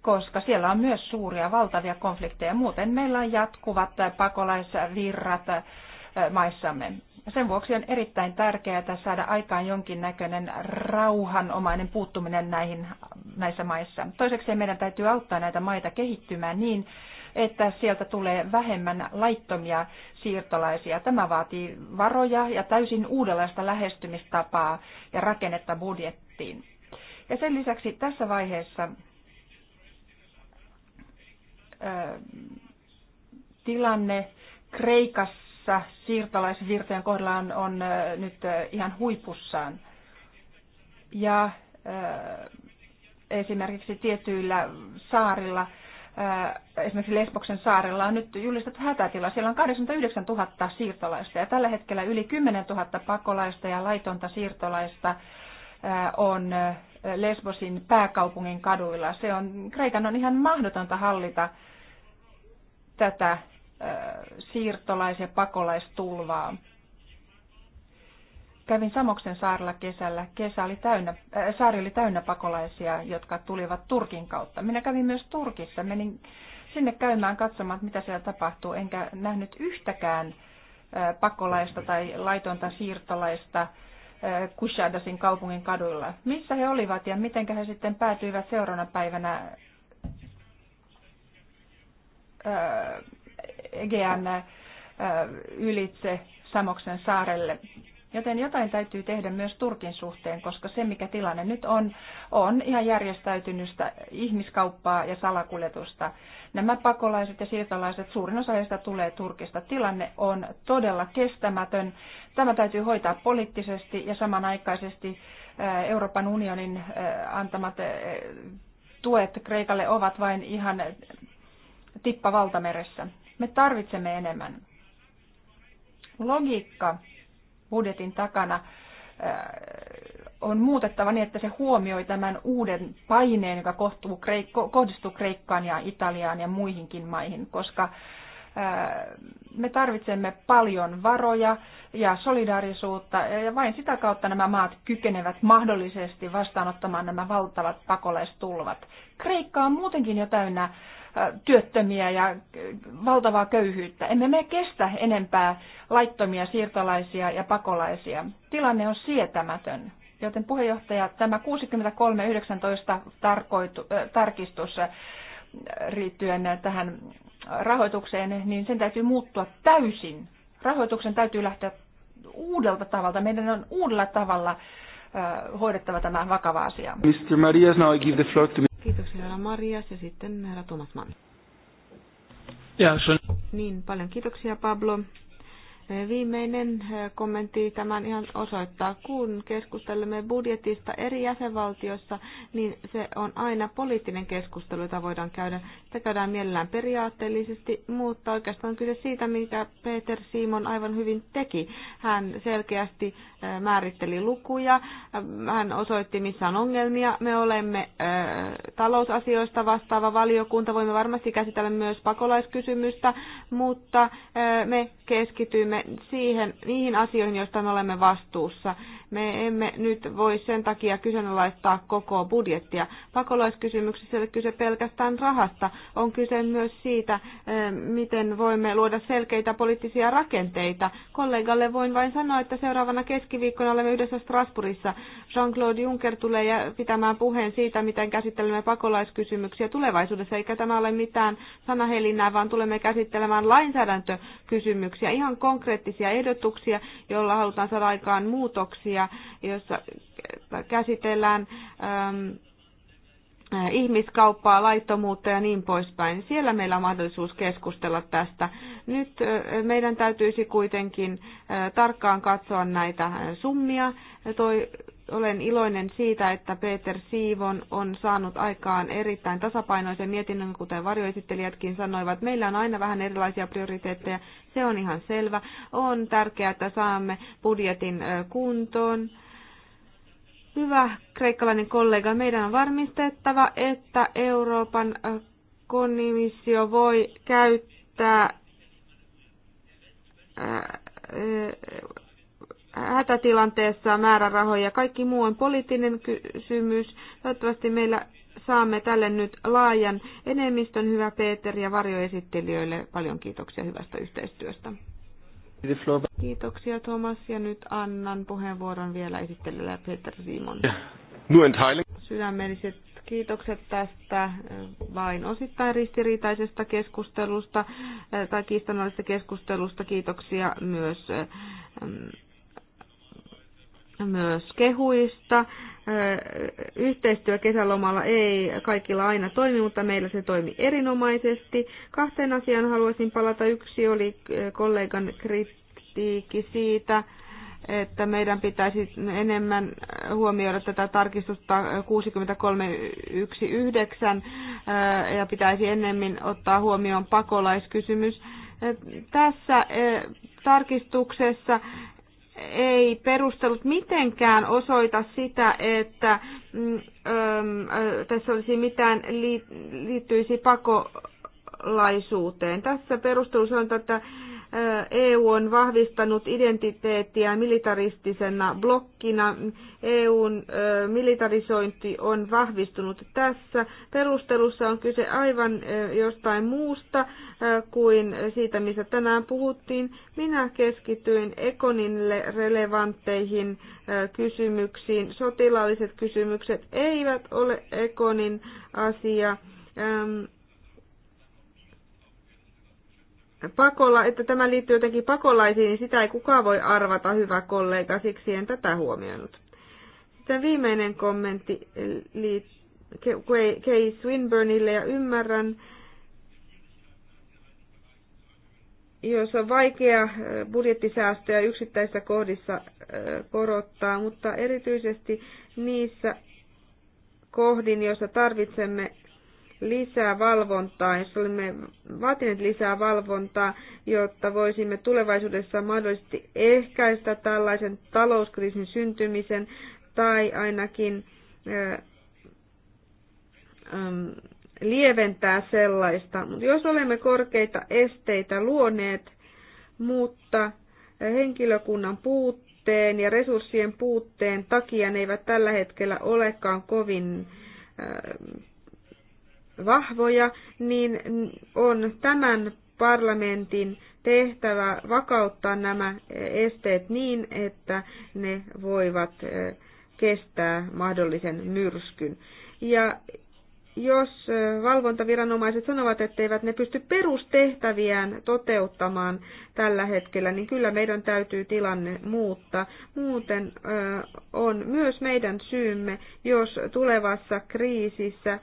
koska siellä on myös suuria valtavia konflikteja. Muuten meillä on jatkuvat pakolaisvirrat eh, maissamme. Ja sen vuoksi on erittäin tärkeää saada aikaan jonkinnäköinen rauhanomainen puuttuminen näihin, näissä maissa. Toiseksi meidän täytyy auttaa näitä maita kehittymään niin, että sieltä tulee vähemmän laittomia siirtolaisia. Tämä vaatii varoja ja täysin uudenlaista lähestymistapaa ja rakennetta budjettiin. Ja sen lisäksi tässä vaiheessa ö, tilanne Kreikassa tässä siirtolaisvirtojen kohdalla on, on nyt ihan huipussaan. Ja esimerkiksi tietyillä saarilla, esimerkiksi Lesboksen saarella on nyt julistettu hätätila. Siellä on 89 000 siirtolaista ja tällä hetkellä yli 10 000 pakolaista ja laitonta siirtolaista on Lesbosin pääkaupungin kaduilla. Se on, Kreikan on ihan mahdotonta hallita tätä siirtolais- ja pakolaistulvaa. Kävin Samoksen saarella kesällä. Kesä oli täynnä, äh, saari oli täynnä pakolaisia, jotka tulivat Turkin kautta. Minä kävin myös Turkissa. Menin sinne käymään katsomaan, mitä siellä tapahtuu. Enkä nähnyt yhtäkään pakolaista tai laitonta siirtolaista Kushadasin kaupungin kaduilla. Missä he olivat ja miten he sitten päätyivät seuraavana päivänä Egean äh, ylitse Samoksen saarelle. Joten jotain täytyy tehdä myös Turkin suhteen, koska se mikä tilanne nyt on, on ihan järjestäytynystä ihmiskauppaa ja salakuljetusta. Nämä pakolaiset ja siirtolaiset, suurin osa heistä tulee Turkista. Tilanne on todella kestämätön. Tämä täytyy hoitaa poliittisesti ja samanaikaisesti äh, Euroopan unionin äh, antamat tuet Kreikalle ovat vain ihan tippa valtameressä. Me tarvitsemme enemmän. Logiikka budjetin takana äh, on muutettava niin, että se huomioi tämän uuden paineen, joka kohdistuu Kreikkaan ja Italiaan ja muihinkin maihin, koska äh, me tarvitsemme paljon varoja ja solidaarisuutta ja vain sitä kautta nämä maat kykenevät mahdollisesti vastaanottamaan nämä valtavat pakolaistulvat. Kreikka on muutenkin jo täynnä työttömiä ja valtavaa köyhyyttä. Emme me kestä enempää laittomia siirtolaisia ja pakolaisia. Tilanne on sietämätön. Joten puheenjohtaja, tämä 63.19 tarkistus riittyen tähän rahoitukseen, niin sen täytyy muuttua täysin. Rahoituksen täytyy lähteä uudelta tavalla. Meidän on uudella tavalla hoidettava tämä vakava asia. Mr. Marias, now I give the floor to Kiitoksia herra Marias ja sitten herra Thomas Mann. Ja, niin, paljon kiitoksia Pablo. Viimeinen äh, kommentti tämän ihan osoittaa, kun keskustelemme budjetista eri jäsenvaltiossa, niin se on aina poliittinen keskustelu, jota voidaan käydä. Sitä käydään mielellään periaatteellisesti, mutta oikeastaan kyse siitä, mitä Peter Simon aivan hyvin teki. Hän selkeästi äh, määritteli lukuja, äh, hän osoitti, missä on ongelmia. Me olemme talousasioista vastaava valiokunta, voimme varmasti käsitellä myös pakolaiskysymystä, mutta me keskitymme keskitymme siihen, niihin asioihin, joista me olemme vastuussa. Me emme nyt voi sen takia kyseenalaistaa koko budjettia. Pakolaiskysymyksessä ei ole kyse pelkästään rahasta, on kyse myös siitä, eh, miten voimme luoda selkeitä poliittisia rakenteita. Kollegalle voin vain sanoa, että seuraavana keskiviikkona olemme yhdessä Strasbourgissa. Jean-Claude Juncker tulee pitämään puheen siitä, miten käsittelemme pakolaiskysymyksiä tulevaisuudessa, eikä tämä ole mitään sanahelinää, vaan tulemme käsittelemään lainsäädäntökysymyksiä, ihan konkreettisesti konkreettisia ehdotuksia, joilla halutaan saada aikaan muutoksia, joissa käsitellään ähm, ihmiskauppaa, laittomuutta ja niin poispäin. Siellä meillä on mahdollisuus keskustella tästä. Nyt meidän täytyisi kuitenkin tarkkaan katsoa näitä summia. Toi, olen iloinen siitä, että Peter Siivon on saanut aikaan erittäin tasapainoisen mietinnön, kuten varjoesittelijätkin sanoivat. Meillä on aina vähän erilaisia prioriteetteja, se on ihan selvä. On tärkeää, että saamme budjetin kuntoon Hyvä kreikkalainen kollega, meidän on varmistettava, että Euroopan äh, komissio voi käyttää äh, äh, hätätilanteessa määrärahoja. Kaikki muu on poliittinen kysymys. Toivottavasti meillä saamme tälle nyt laajan enemmistön. Hyvä Peter ja varjoesittelijöille paljon kiitoksia hyvästä yhteistyöstä. Kiitoksia Thomas ja nyt annan puheenvuoron vielä esittelijälle Peter Simon. Sydämelliset kiitokset tästä äh, vain osittain ristiriitaisesta keskustelusta äh, tai kiistanallisesta keskustelusta. Kiitoksia myös, äh, mm, myös kehuista. Yhteistyö kesälomalla ei kaikilla aina toimi, mutta meillä se toimi erinomaisesti. Kahteen asiaan haluaisin palata. Yksi oli kollegan kritiikki siitä, että meidän pitäisi enemmän huomioida tätä tarkistusta 63.1.9 ja pitäisi enemmän ottaa huomioon pakolaiskysymys. Tässä tarkistuksessa ei perustelut mitenkään osoita sitä, että mm, ö, tässä olisi mitään liittyisi pakolaisuuteen. Tässä perustelussa on, että EU on vahvistanut identiteettiä militaristisena blokkina. EUn militarisointi on vahvistunut tässä. Perustelussa on kyse aivan jostain muusta kuin siitä, mistä tänään puhuttiin. Minä keskityin Ekonille relevantteihin kysymyksiin. Sotilaalliset kysymykset eivät ole Ekonin asia pakolla, että tämä liittyy jotenkin pakolaisiin, niin sitä ei kukaan voi arvata, hyvä kollega, siksi en tätä huomioinut. Sitten viimeinen kommentti liittyy Kay Swinburnille ja ymmärrän, jos on vaikea äh, budjettisäästöjä yksittäisissä kohdissa äh, korottaa, mutta erityisesti niissä kohdin, joissa tarvitsemme lisää valvontaa, jos olemme vaatineet lisää valvontaa, jotta voisimme tulevaisuudessa mahdollisesti ehkäistä tällaisen talouskriisin syntymisen tai ainakin lieventää sellaista. Mutta jos olemme korkeita esteitä luoneet, mutta henkilökunnan puutteen ja resurssien puutteen takia ne eivät tällä hetkellä olekaan kovin vahvoja, niin on tämän parlamentin tehtävä vakauttaa nämä esteet niin, että ne voivat kestää mahdollisen myrskyn. Ja jos valvontaviranomaiset sanovat, eivät ne pysty perustehtäviään toteuttamaan tällä hetkellä, niin kyllä meidän täytyy tilanne muuttaa. Muuten on myös meidän syymme, jos tulevassa kriisissä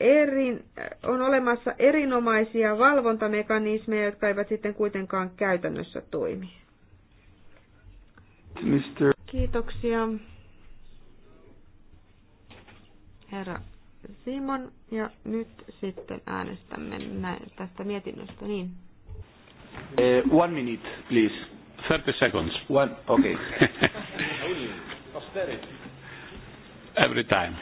erin, on olemassa erinomaisia valvontamekanismeja, jotka eivät sitten kuitenkaan käytännössä toimi. Mister. Kiitoksia. Herra Simon, ja nyt sitten äänestämme tästä mietinnöstä. Niin. Uh, one minute, please. 30 seconds. One, okay. Every time.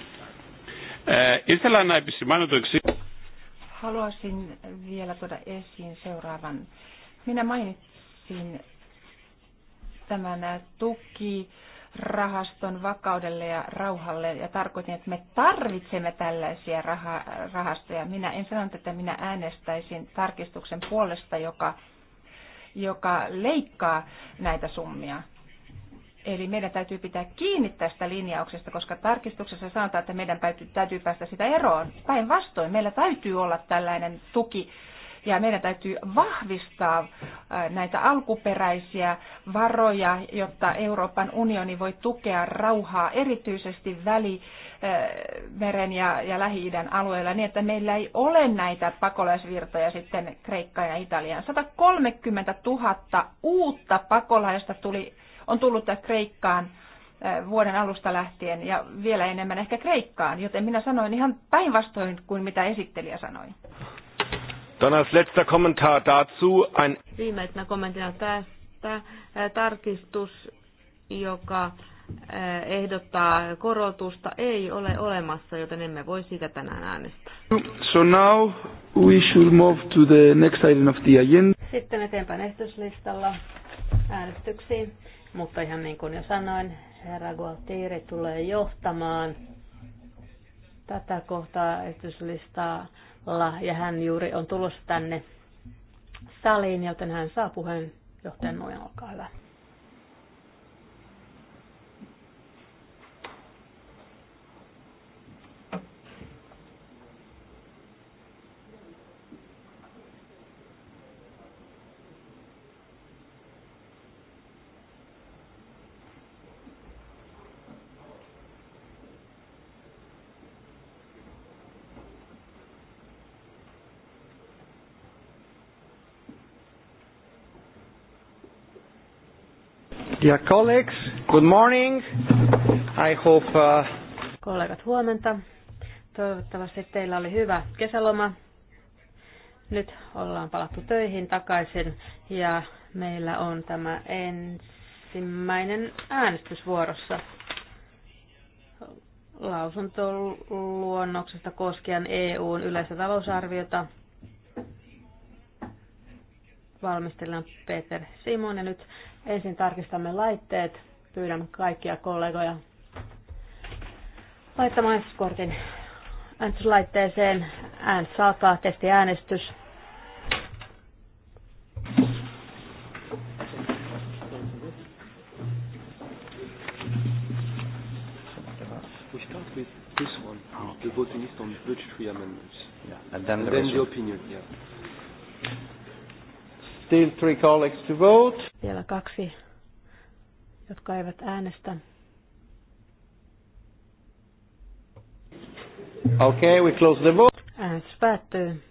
Eh, ήθελα να επισημάνω το εξή. Haluaisin vielä tuoda esiin seuraavan. Minä mainitsin tämän tuki rahaston vakaudelle ja rauhalle ja tarkoitin, että me tarvitsemme tällaisia raha, rahastoja. Minä en sanonut, että minä äänestäisin tarkistuksen puolesta, joka, joka leikkaa näitä summia. Eli meidän täytyy pitää kiinni tästä linjauksesta, koska tarkistuksessa sanotaan, että meidän täytyy, täytyy päästä sitä eroon. Päinvastoin meillä täytyy olla tällainen tuki ja meidän täytyy vahvistaa äh, näitä alkuperäisiä varoja, jotta Euroopan unioni voi tukea rauhaa erityisesti Välimeren äh, ja, ja Lähi-idän alueella niin, että meillä ei ole näitä pakolaisvirtoja sitten Kreikkaan ja Italiaan. 130 000 uutta pakolaista tuli on tullut Kreikkaan vuoden alusta lähtien ja vielä enemmän ehkä Kreikkaan, joten minä sanoin ihan päinvastoin kuin mitä esittelijä sanoi. Dann als letzter Kommentar dazu ein Viimeisenä kommenttina tästä tarkistus, joka ehdottaa korotusta, ei ole olemassa, joten emme voi sitä tänään äänestää. So now we should move to the next item of the agenda. Sitten eteenpäin ehdotuslistalla äänestyksiin. Mutta ihan niin kuin jo sanoin, herra Gualtieri tulee johtamaan tätä kohtaa esityslistalla ja hän juuri on tulossa tänne saliin, joten hän saa puheenjohtajan nojan, olkaa hyvä. Dear colleagues, good morning. I hope... Uh... Kollegat, huomenta. Toivottavasti teillä oli hyvä kesäloma. Nyt ollaan palattu töihin takaisin ja meillä on tämä ensimmäinen äänestysvuorossa lausunto lausuntoluonnoksesta koskien EUn yleistä talousarviota Valmistellaan Peter Simon ja nyt Ensin tarkistamme laitteet. Pyydän kaikkia kollegoja laittamaan kortin äänestyslaitteeseen. Äänestys alkaa, testiäänestys. Ah. The voting list on budgetary amendments. Yeah. And then, and the, then the opinion, yeah. Still three colleagues to vote. Vielä kaksi, jotka eivät äänestä. Okay, we close the vote. Äänestys päättyy.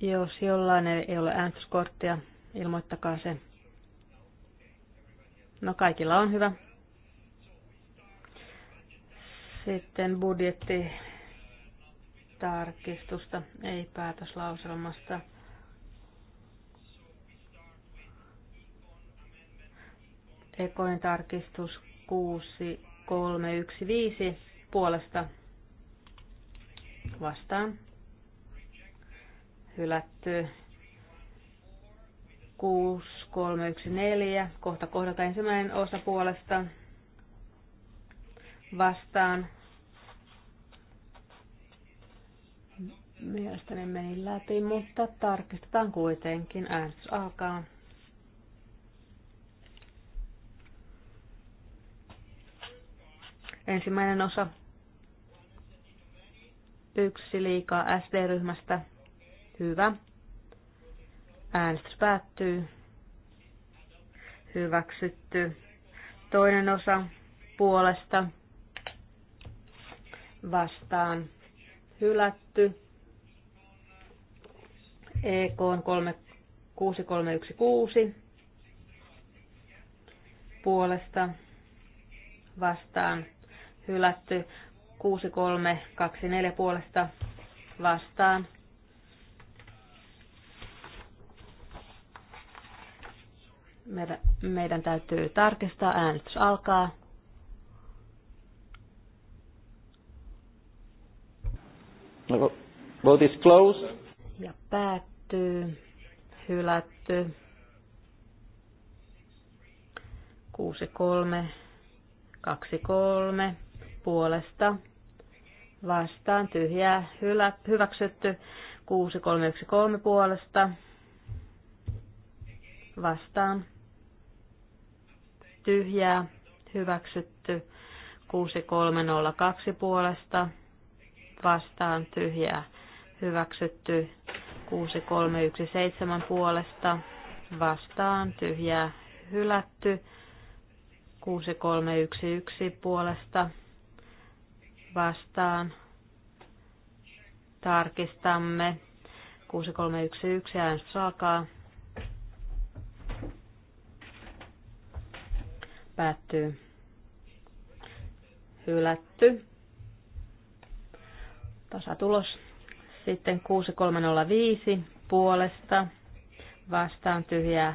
Jos jollain ei ole äänestyskorttia, ilmoittakaa se. No kaikilla on hyvä. Sitten budjetti tarkistusta, ei päätöslauselmasta. Ekoin tarkistus 6315 puolesta vastaan. Hylätty 6314 kohta kohdalta ensimmäinen osa puolesta vastaan Mielestäni meni läpi, mutta tarkistetaan kuitenkin. Äänestys alkaa. Ensimmäinen osa. Yksi liikaa SD-ryhmästä. Hyvä. Äänestys päättyy. Hyväksytty. Toinen osa puolesta vastaan hylätty. EK on 6316 puolesta vastaan hylätty 6324 puolesta vastaan. Meidän, meidän täytyy tarkistaa. Äänestys alkaa. Vote is closed. Ja päättyy. Hylätty. 63 3 puolesta vastaan tyhjää hylä, hyväksytty 6313 puolesta vastaan tyhjää hyväksytty 6302 puolesta vastaan tyhjää hyväksytty 6317 puolesta vastaan tyhjää hylätty 6311 puolesta vastaan tarkistamme 6311 äänestys alkaa päättyy hylätty tasatulos. Sitten 6305 puolesta vastaan tyhjää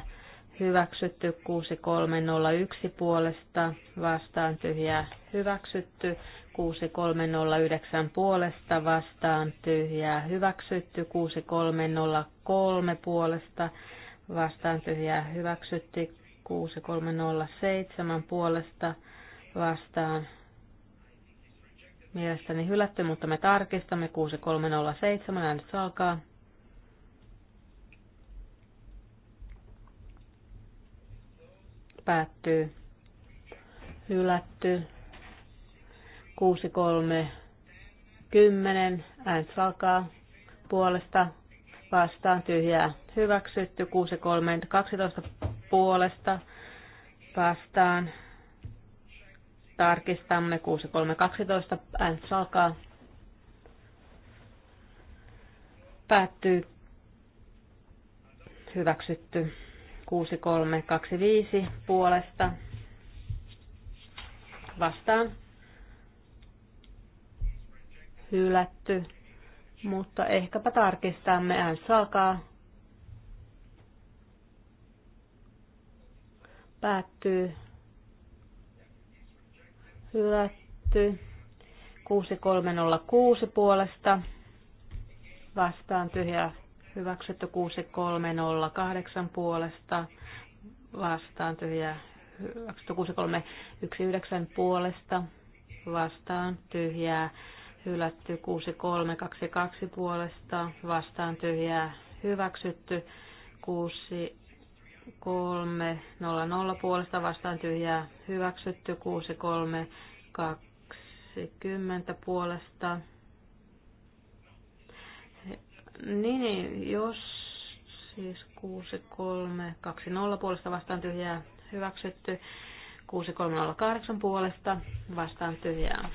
hyväksytty 6301 puolesta, vastaan tyhjää hyväksytty 6309 puolesta, vastaan tyhjää hyväksytty 6303 puolesta, vastaan tyhjää hyväksytty 6307 puolesta, vastaan Mielestäni hylätty, mutta me tarkistamme. 6307 äänestys alkaa. Päättyy. Hylätty. 6310 äänestys alkaa. Puolesta vastaan tyhjää. Hyväksytty. 6312 puolesta vastaan Tarkistamme 6312. Äänestys alkaa. Päättyy. Hyväksytty. 6325 puolesta. Vastaan. Hylätty. Mutta ehkäpä tarkistamme. Äänestys alkaa. Päättyy hylätty. 6306 puolesta vastaan tyhjä hyväksytty 6308 puolesta vastaan tyhjä hyväksytty 6319 puolesta vastaan tyhjää hylätty 6322 puolesta vastaan tyhjää hyväksytty 6 3, 0, 0 puolesta vastaan tyhjää hyväksytty, 6, 3, 20 puolesta. Niin, niin jos siis 6, 3, 2, 0 puolesta vastaan tyhjää hyväksytty, 6, 3, 0, 8 puolesta vastaan tyhjää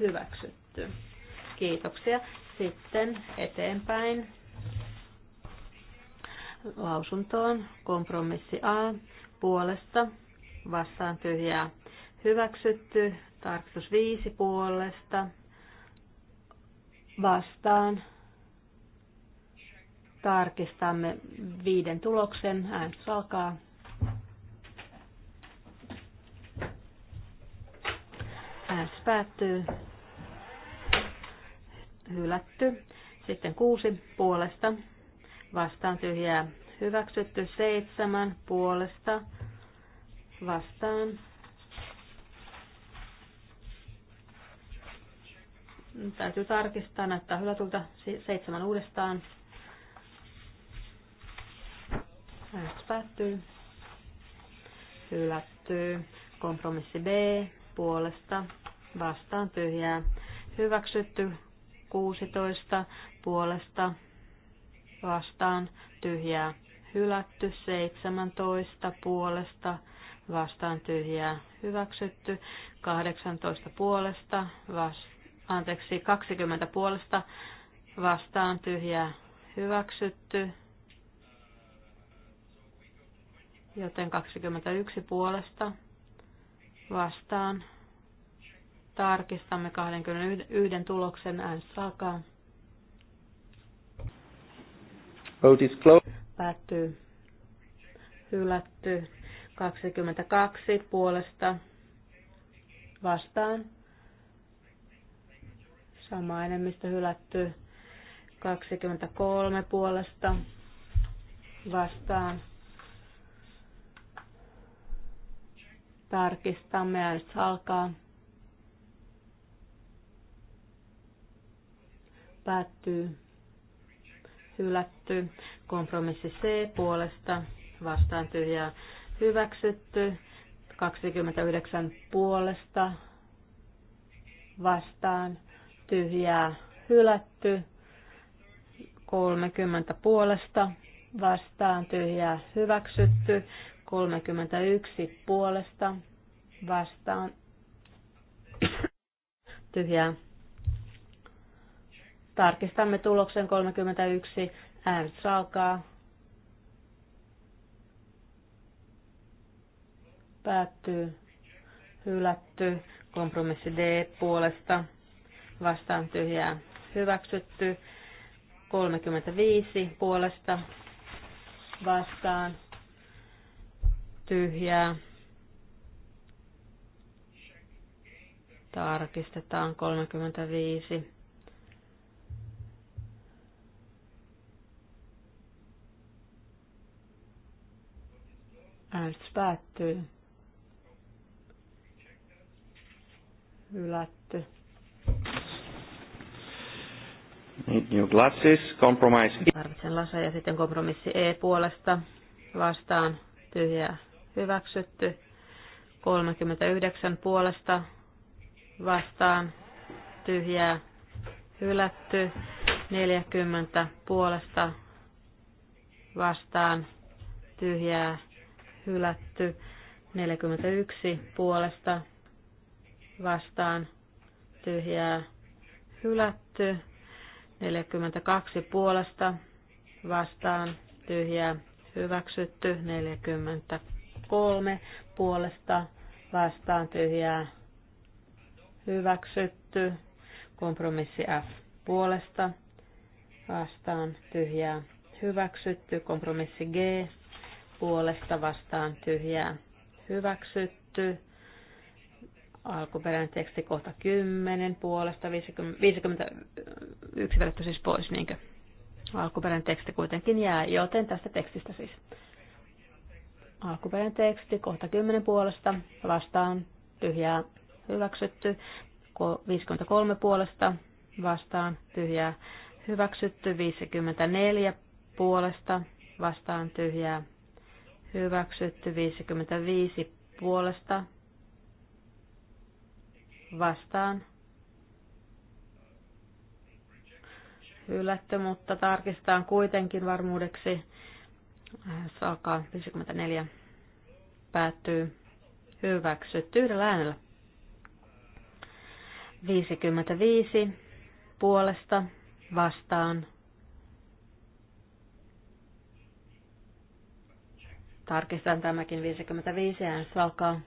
hyväksytty. Kiitoksia. Sitten eteenpäin lausuntoon. Kompromissi A puolesta vastaan tyhjää hyväksytty. Tarkistus 5 puolesta vastaan. Tarkistamme viiden tuloksen. Äänestys alkaa. Äänestys päättyy. Hylätty. Sitten kuusi puolesta vastaan tyhjää hyväksytty. Seitsemän puolesta vastaan. Täytyy tarkistaa, näyttää tulta seitsemän uudestaan. Äänestys päättyy. Hylättyy. Kompromissi B puolesta vastaan tyhjää. Hyväksytty 16 puolesta vastaan tyhjää hylätty, 17 puolesta vastaan tyhjää hyväksytty, 18 puolesta vastaan anteeksi, 20 puolesta vastaan tyhjää hyväksytty, joten 21 puolesta vastaan. Tarkistamme 21 tuloksen äänestä alkaa. Vote is closed. Päättyy. Hylätty. 22 puolesta vastaan. Sama enemmistö hylätty. 23 puolesta vastaan. Tarkistamme nyt alkaa. Päättyy hylätty. Kompromissi C puolesta vastaan tyhjää hyväksytty. 29 puolesta vastaan tyhjää hylätty. 30 puolesta vastaan tyhjää hyväksytty. 31 puolesta vastaan tyhjää Tarkistamme tuloksen 31. Äänestys alkaa. Päättyy. Hylätty. Kompromissi D puolesta. Vastaan tyhjää. Hyväksytty. 35 puolesta. Vastaan tyhjää. Tarkistetaan 35. Äänestys päättyy. Hylätty. Need new glasses, compromise. Tarvitsen lasa ja sitten kompromissi E puolesta. Vastaan tyhjää hyväksytty. 39 puolesta vastaan tyhjää hylätty. 40 puolesta vastaan tyhjää hylätty. 41 puolesta vastaan tyhjää hylätty. 42 puolesta vastaan tyhjää hyväksytty. 43 puolesta vastaan tyhjää hyväksytty. Kompromissi F puolesta vastaan tyhjää hyväksytty. Kompromissi G puolesta vastaan tyhjää hyväksytty. Alkuperäinen teksti kohta 10 puolesta 50, 51 vedetty siis pois, niinkö? Alkuperäinen teksti kuitenkin jää, joten tästä tekstistä siis. Alkuperäinen teksti kohta 10 puolesta vastaan tyhjää hyväksytty. 53 puolesta vastaan tyhjää hyväksytty. 54 puolesta vastaan tyhjää Hyväksytty 55 puolesta. Vastaan. Hylätty, mutta tarkistetaan kuitenkin varmuudeksi. Saakka 54 päättyy. Hyväksytty yhdellä äänellä. 55 puolesta vastaan Tarkistan tämäkin 55 äänestys alkaa.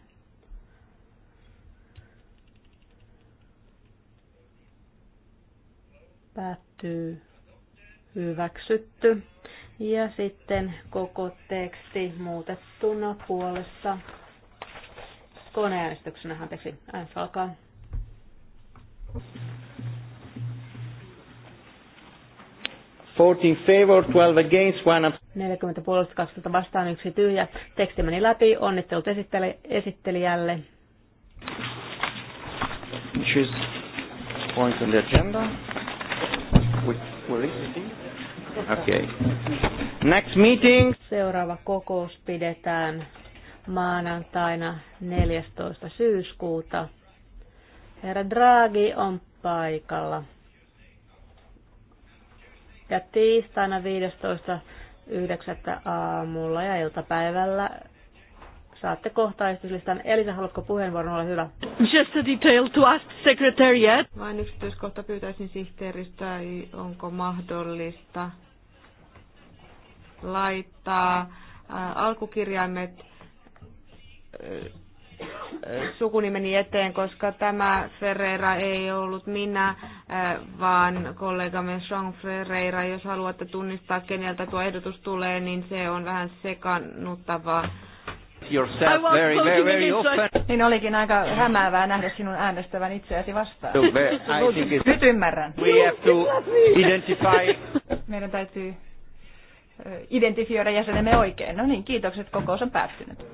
Päättyy hyväksytty. Ja sitten koko teksti muutettuna puolessa koneäänestyksenä, anteeksi, äänestys alkaa. 40 puolesta vastaan, yksi tyhjä. Teksti meni läpi. Onnittelut esittelijälle. Choose point on the agenda. Okay. Next meeting. Seuraava kokous pidetään maanantaina 14. syyskuuta. Herra Draghi on paikalla ja tiistaina 15.9. aamulla ja iltapäivällä saatte kohta esityslistan. Elisa, haluatko puheenvuoron? olla hyvä. Just a detail to ask secretariat. Vain yksityiskohta pyytäisin sihteeristä, onko mahdollista laittaa alkukirjaimet sukunimeni eteen, koska tämä Ferreira ei ollut minä, äh, vaan kollegamme Jean Ferreira. Jos haluatte tunnistaa, keneltä tuo ehdotus tulee, niin se on vähän sekannuttavaa. Yourself very, very, very often. Niin olikin aika hämäävää nähdä sinun äänestävän itseäsi vastaan. No, Nyt ymmärrän. We have to identify. Meidän täytyy identifioida jäsenemme oikein. No niin, kiitokset. Kokous on päättynyt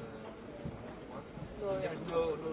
no, no.